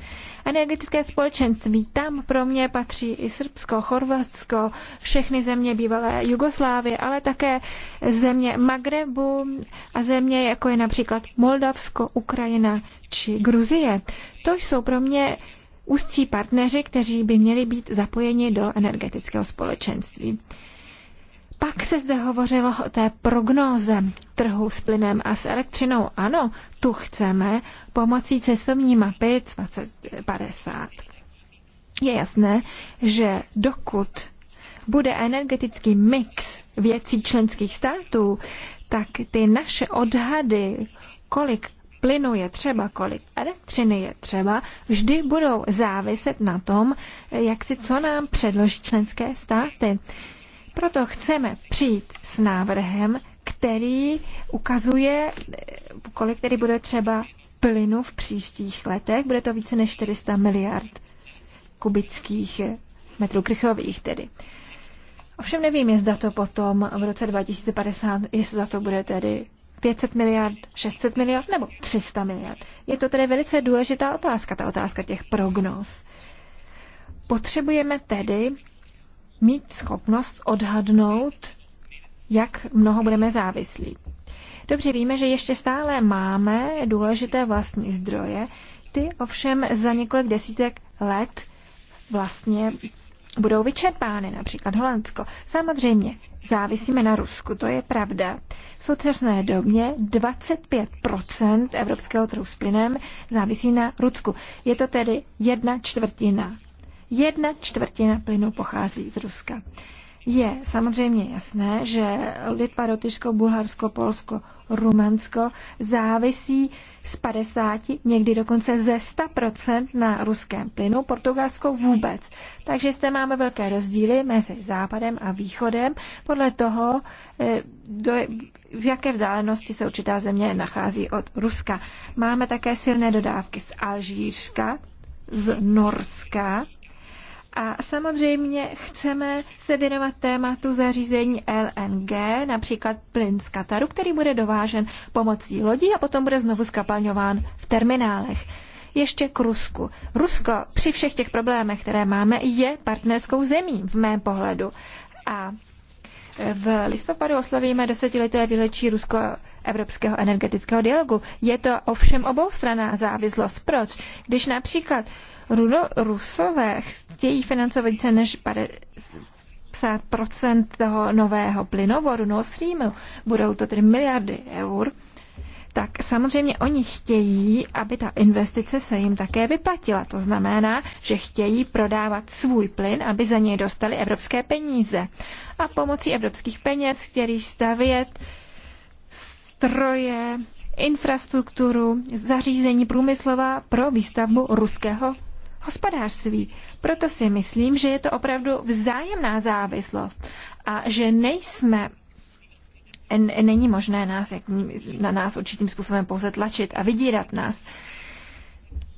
energetické společenství. Tam pro mě patří i Srbsko, Chorvatsko, všechny země bývalé Jugoslávie, ale také země Magrebu a země jako je například Moldavsko, Ukrajina či Gruzie. To jsou pro mě ústí partneři, kteří by měli být zapojeni do energetického společenství. Pak se zde hovořilo o té prognóze trhu s plynem a s elektřinou. Ano, tu chceme pomocí cestovní mapy 2050. Je jasné, že dokud bude energetický mix věcí členských států, tak ty naše odhady, kolik plynu je třeba, kolik elektřiny je třeba, vždy budou záviset na tom, jak si co nám předloží členské státy. Proto chceme přijít s návrhem, který ukazuje, kolik tedy bude třeba plynu v příštích letech. Bude to více než 400 miliard kubických metrů krychlových tedy. Ovšem nevím, jestli to potom v roce 2050, jestli za to bude tedy 500 miliard, 600 miliard nebo 300 miliard. Je to tedy velice důležitá otázka, ta otázka těch prognóz. Potřebujeme tedy mít schopnost odhadnout, jak mnoho budeme závislí. Dobře víme, že ještě stále máme důležité vlastní zdroje, ty ovšem za několik desítek let vlastně budou vyčerpány, například Holandsko. Samozřejmě závisíme na Rusku, to je pravda. V současné době 25 evropského trhu s plynem závisí na Rusku. Je to tedy jedna čtvrtina Jedna čtvrtina plynu pochází z Ruska. Je samozřejmě jasné, že Litva, Lotyšsko, Bulharsko, Polsko, Rumansko závisí z 50, někdy dokonce ze 100% na ruském plynu, Portugalsko vůbec. Takže zde máme velké rozdíly mezi západem a východem podle toho, eh, do, v jaké vzdálenosti se určitá země nachází od Ruska. Máme také silné dodávky z Alžírska, z Norska, a samozřejmě chceme se věnovat tématu zařízení LNG, například plyn z Kataru, který bude dovážen pomocí lodí a potom bude znovu skapalňován v terminálech. Ještě k Rusku. Rusko při všech těch problémech, které máme, je partnerskou zemí v mém pohledu. A v listopadu oslavíme desetileté výročí rusko-evropského energetického dialogu. Je to ovšem oboustranná závislost. Proč? Když například Rudo, Rusové chtějí financovat více než 50% toho nového plynovodu Nord Streamu. Budou to tedy miliardy eur tak samozřejmě oni chtějí, aby ta investice se jim také vyplatila. To znamená, že chtějí prodávat svůj plyn, aby za něj dostali evropské peníze. A pomocí evropských peněz chtějí stavět stroje, infrastrukturu, zařízení průmyslová pro výstavbu ruského hospodářství. Proto si myslím, že je to opravdu vzájemná závislost a že nejsme není možné nás, jak, na nás určitým způsobem pouze tlačit a vydírat nás.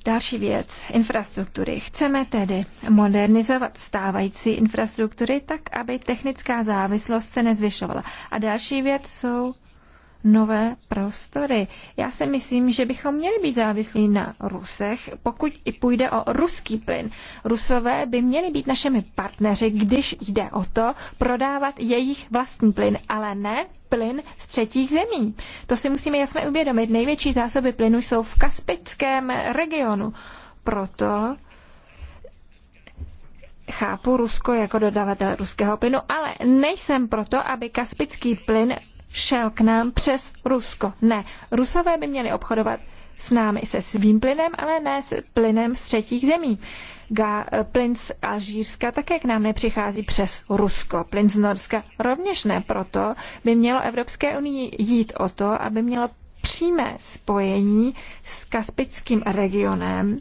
Další věc, infrastruktury. Chceme tedy modernizovat stávající infrastruktury tak, aby technická závislost se nezvyšovala. A další věc jsou nové prostory. Já si myslím, že bychom měli být závislí na Rusech, pokud i půjde o ruský plyn. Rusové by měli být našimi partneři, když jde o to prodávat jejich vlastní plyn, ale ne plyn z třetích zemí. To si musíme jasně uvědomit. Největší zásoby plynu jsou v Kaspickém regionu. Proto chápu Rusko jako dodavatel ruského plynu, ale nejsem proto, aby kaspický plyn šel k nám přes Rusko. Ne, Rusové by měli obchodovat s námi se svým plynem, ale ne s plynem z třetích zemí. Ga, eh, plyn z Alžírska také k nám nepřichází přes Rusko. Plyn z Norska rovněž ne. Proto by mělo Evropské unii jít o to, aby mělo přímé spojení s Kaspickým regionem,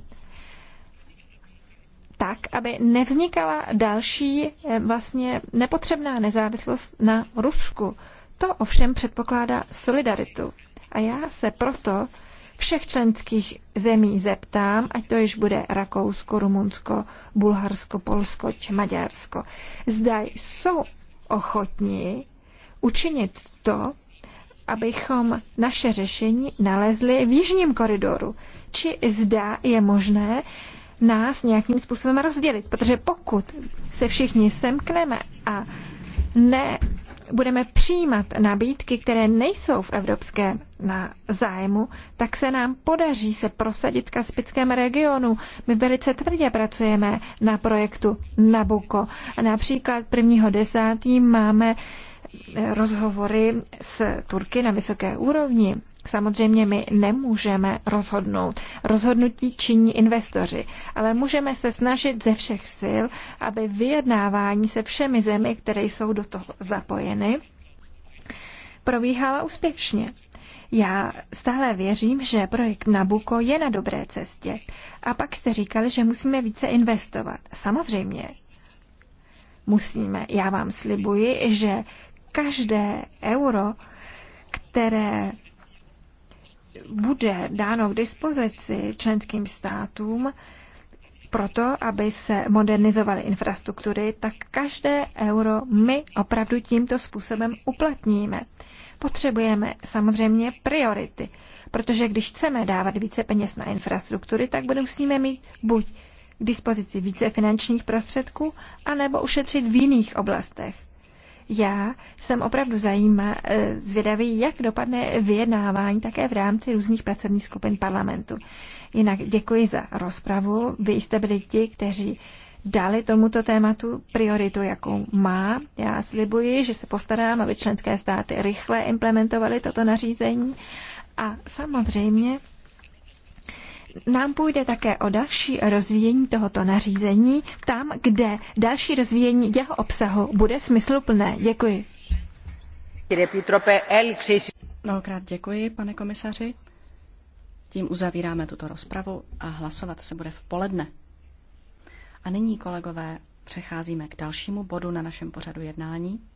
tak, aby nevznikala další eh, vlastně nepotřebná nezávislost na Rusku. To ovšem předpokládá solidaritu. A já se proto všech členských zemí zeptám, ať to již bude Rakousko, Rumunsko, Bulharsko, Polsko či Maďarsko. Zda jsou ochotni učinit to, abychom naše řešení nalezli v jižním koridoru. Či zda je možné nás nějakým způsobem rozdělit. Protože pokud se všichni semkneme a ne budeme přijímat nabídky, které nejsou v evropské na zájmu, tak se nám podaří se prosadit v Kaspickém regionu. My velice tvrdě pracujeme na projektu Nabuko. Například 1.10. máme eh, rozhovory s Turky na vysoké úrovni. Samozřejmě my nemůžeme rozhodnout. Rozhodnutí činí investoři, ale můžeme se snažit ze všech sil, aby vyjednávání se všemi zemi, které jsou do toho zapojeny, probíhala úspěšně. Já stále věřím, že projekt Nabuko je na dobré cestě. A pak jste říkali, že musíme více investovat. Samozřejmě. Musíme. Já vám slibuji, že každé euro, které bude dáno k dispozici členským státům proto, aby se modernizovaly infrastruktury, tak každé euro my opravdu tímto způsobem uplatníme. Potřebujeme samozřejmě priority, protože když chceme dávat více peněz na infrastruktury, tak musíme mít buď k dispozici více finančních prostředků, anebo ušetřit v jiných oblastech. Já jsem opravdu zajímá, eh, zvědavý, jak dopadne vyjednávání také v rámci různých pracovních skupin parlamentu. Jinak děkuji za rozpravu. Vy jste byli ti, kteří dali tomuto tématu prioritu, jakou má. Já slibuji, že se postarám, aby členské státy rychle implementovaly toto nařízení. A samozřejmě nám půjde také o další rozvíjení tohoto nařízení, tam, kde další rozvíjení jeho obsahu bude smysluplné. Děkuji. Mnohokrát děkuji, pane komisaři. Tím uzavíráme tuto rozpravu a hlasovat se bude v poledne. A nyní, kolegové, přecházíme k dalšímu bodu na našem pořadu jednání.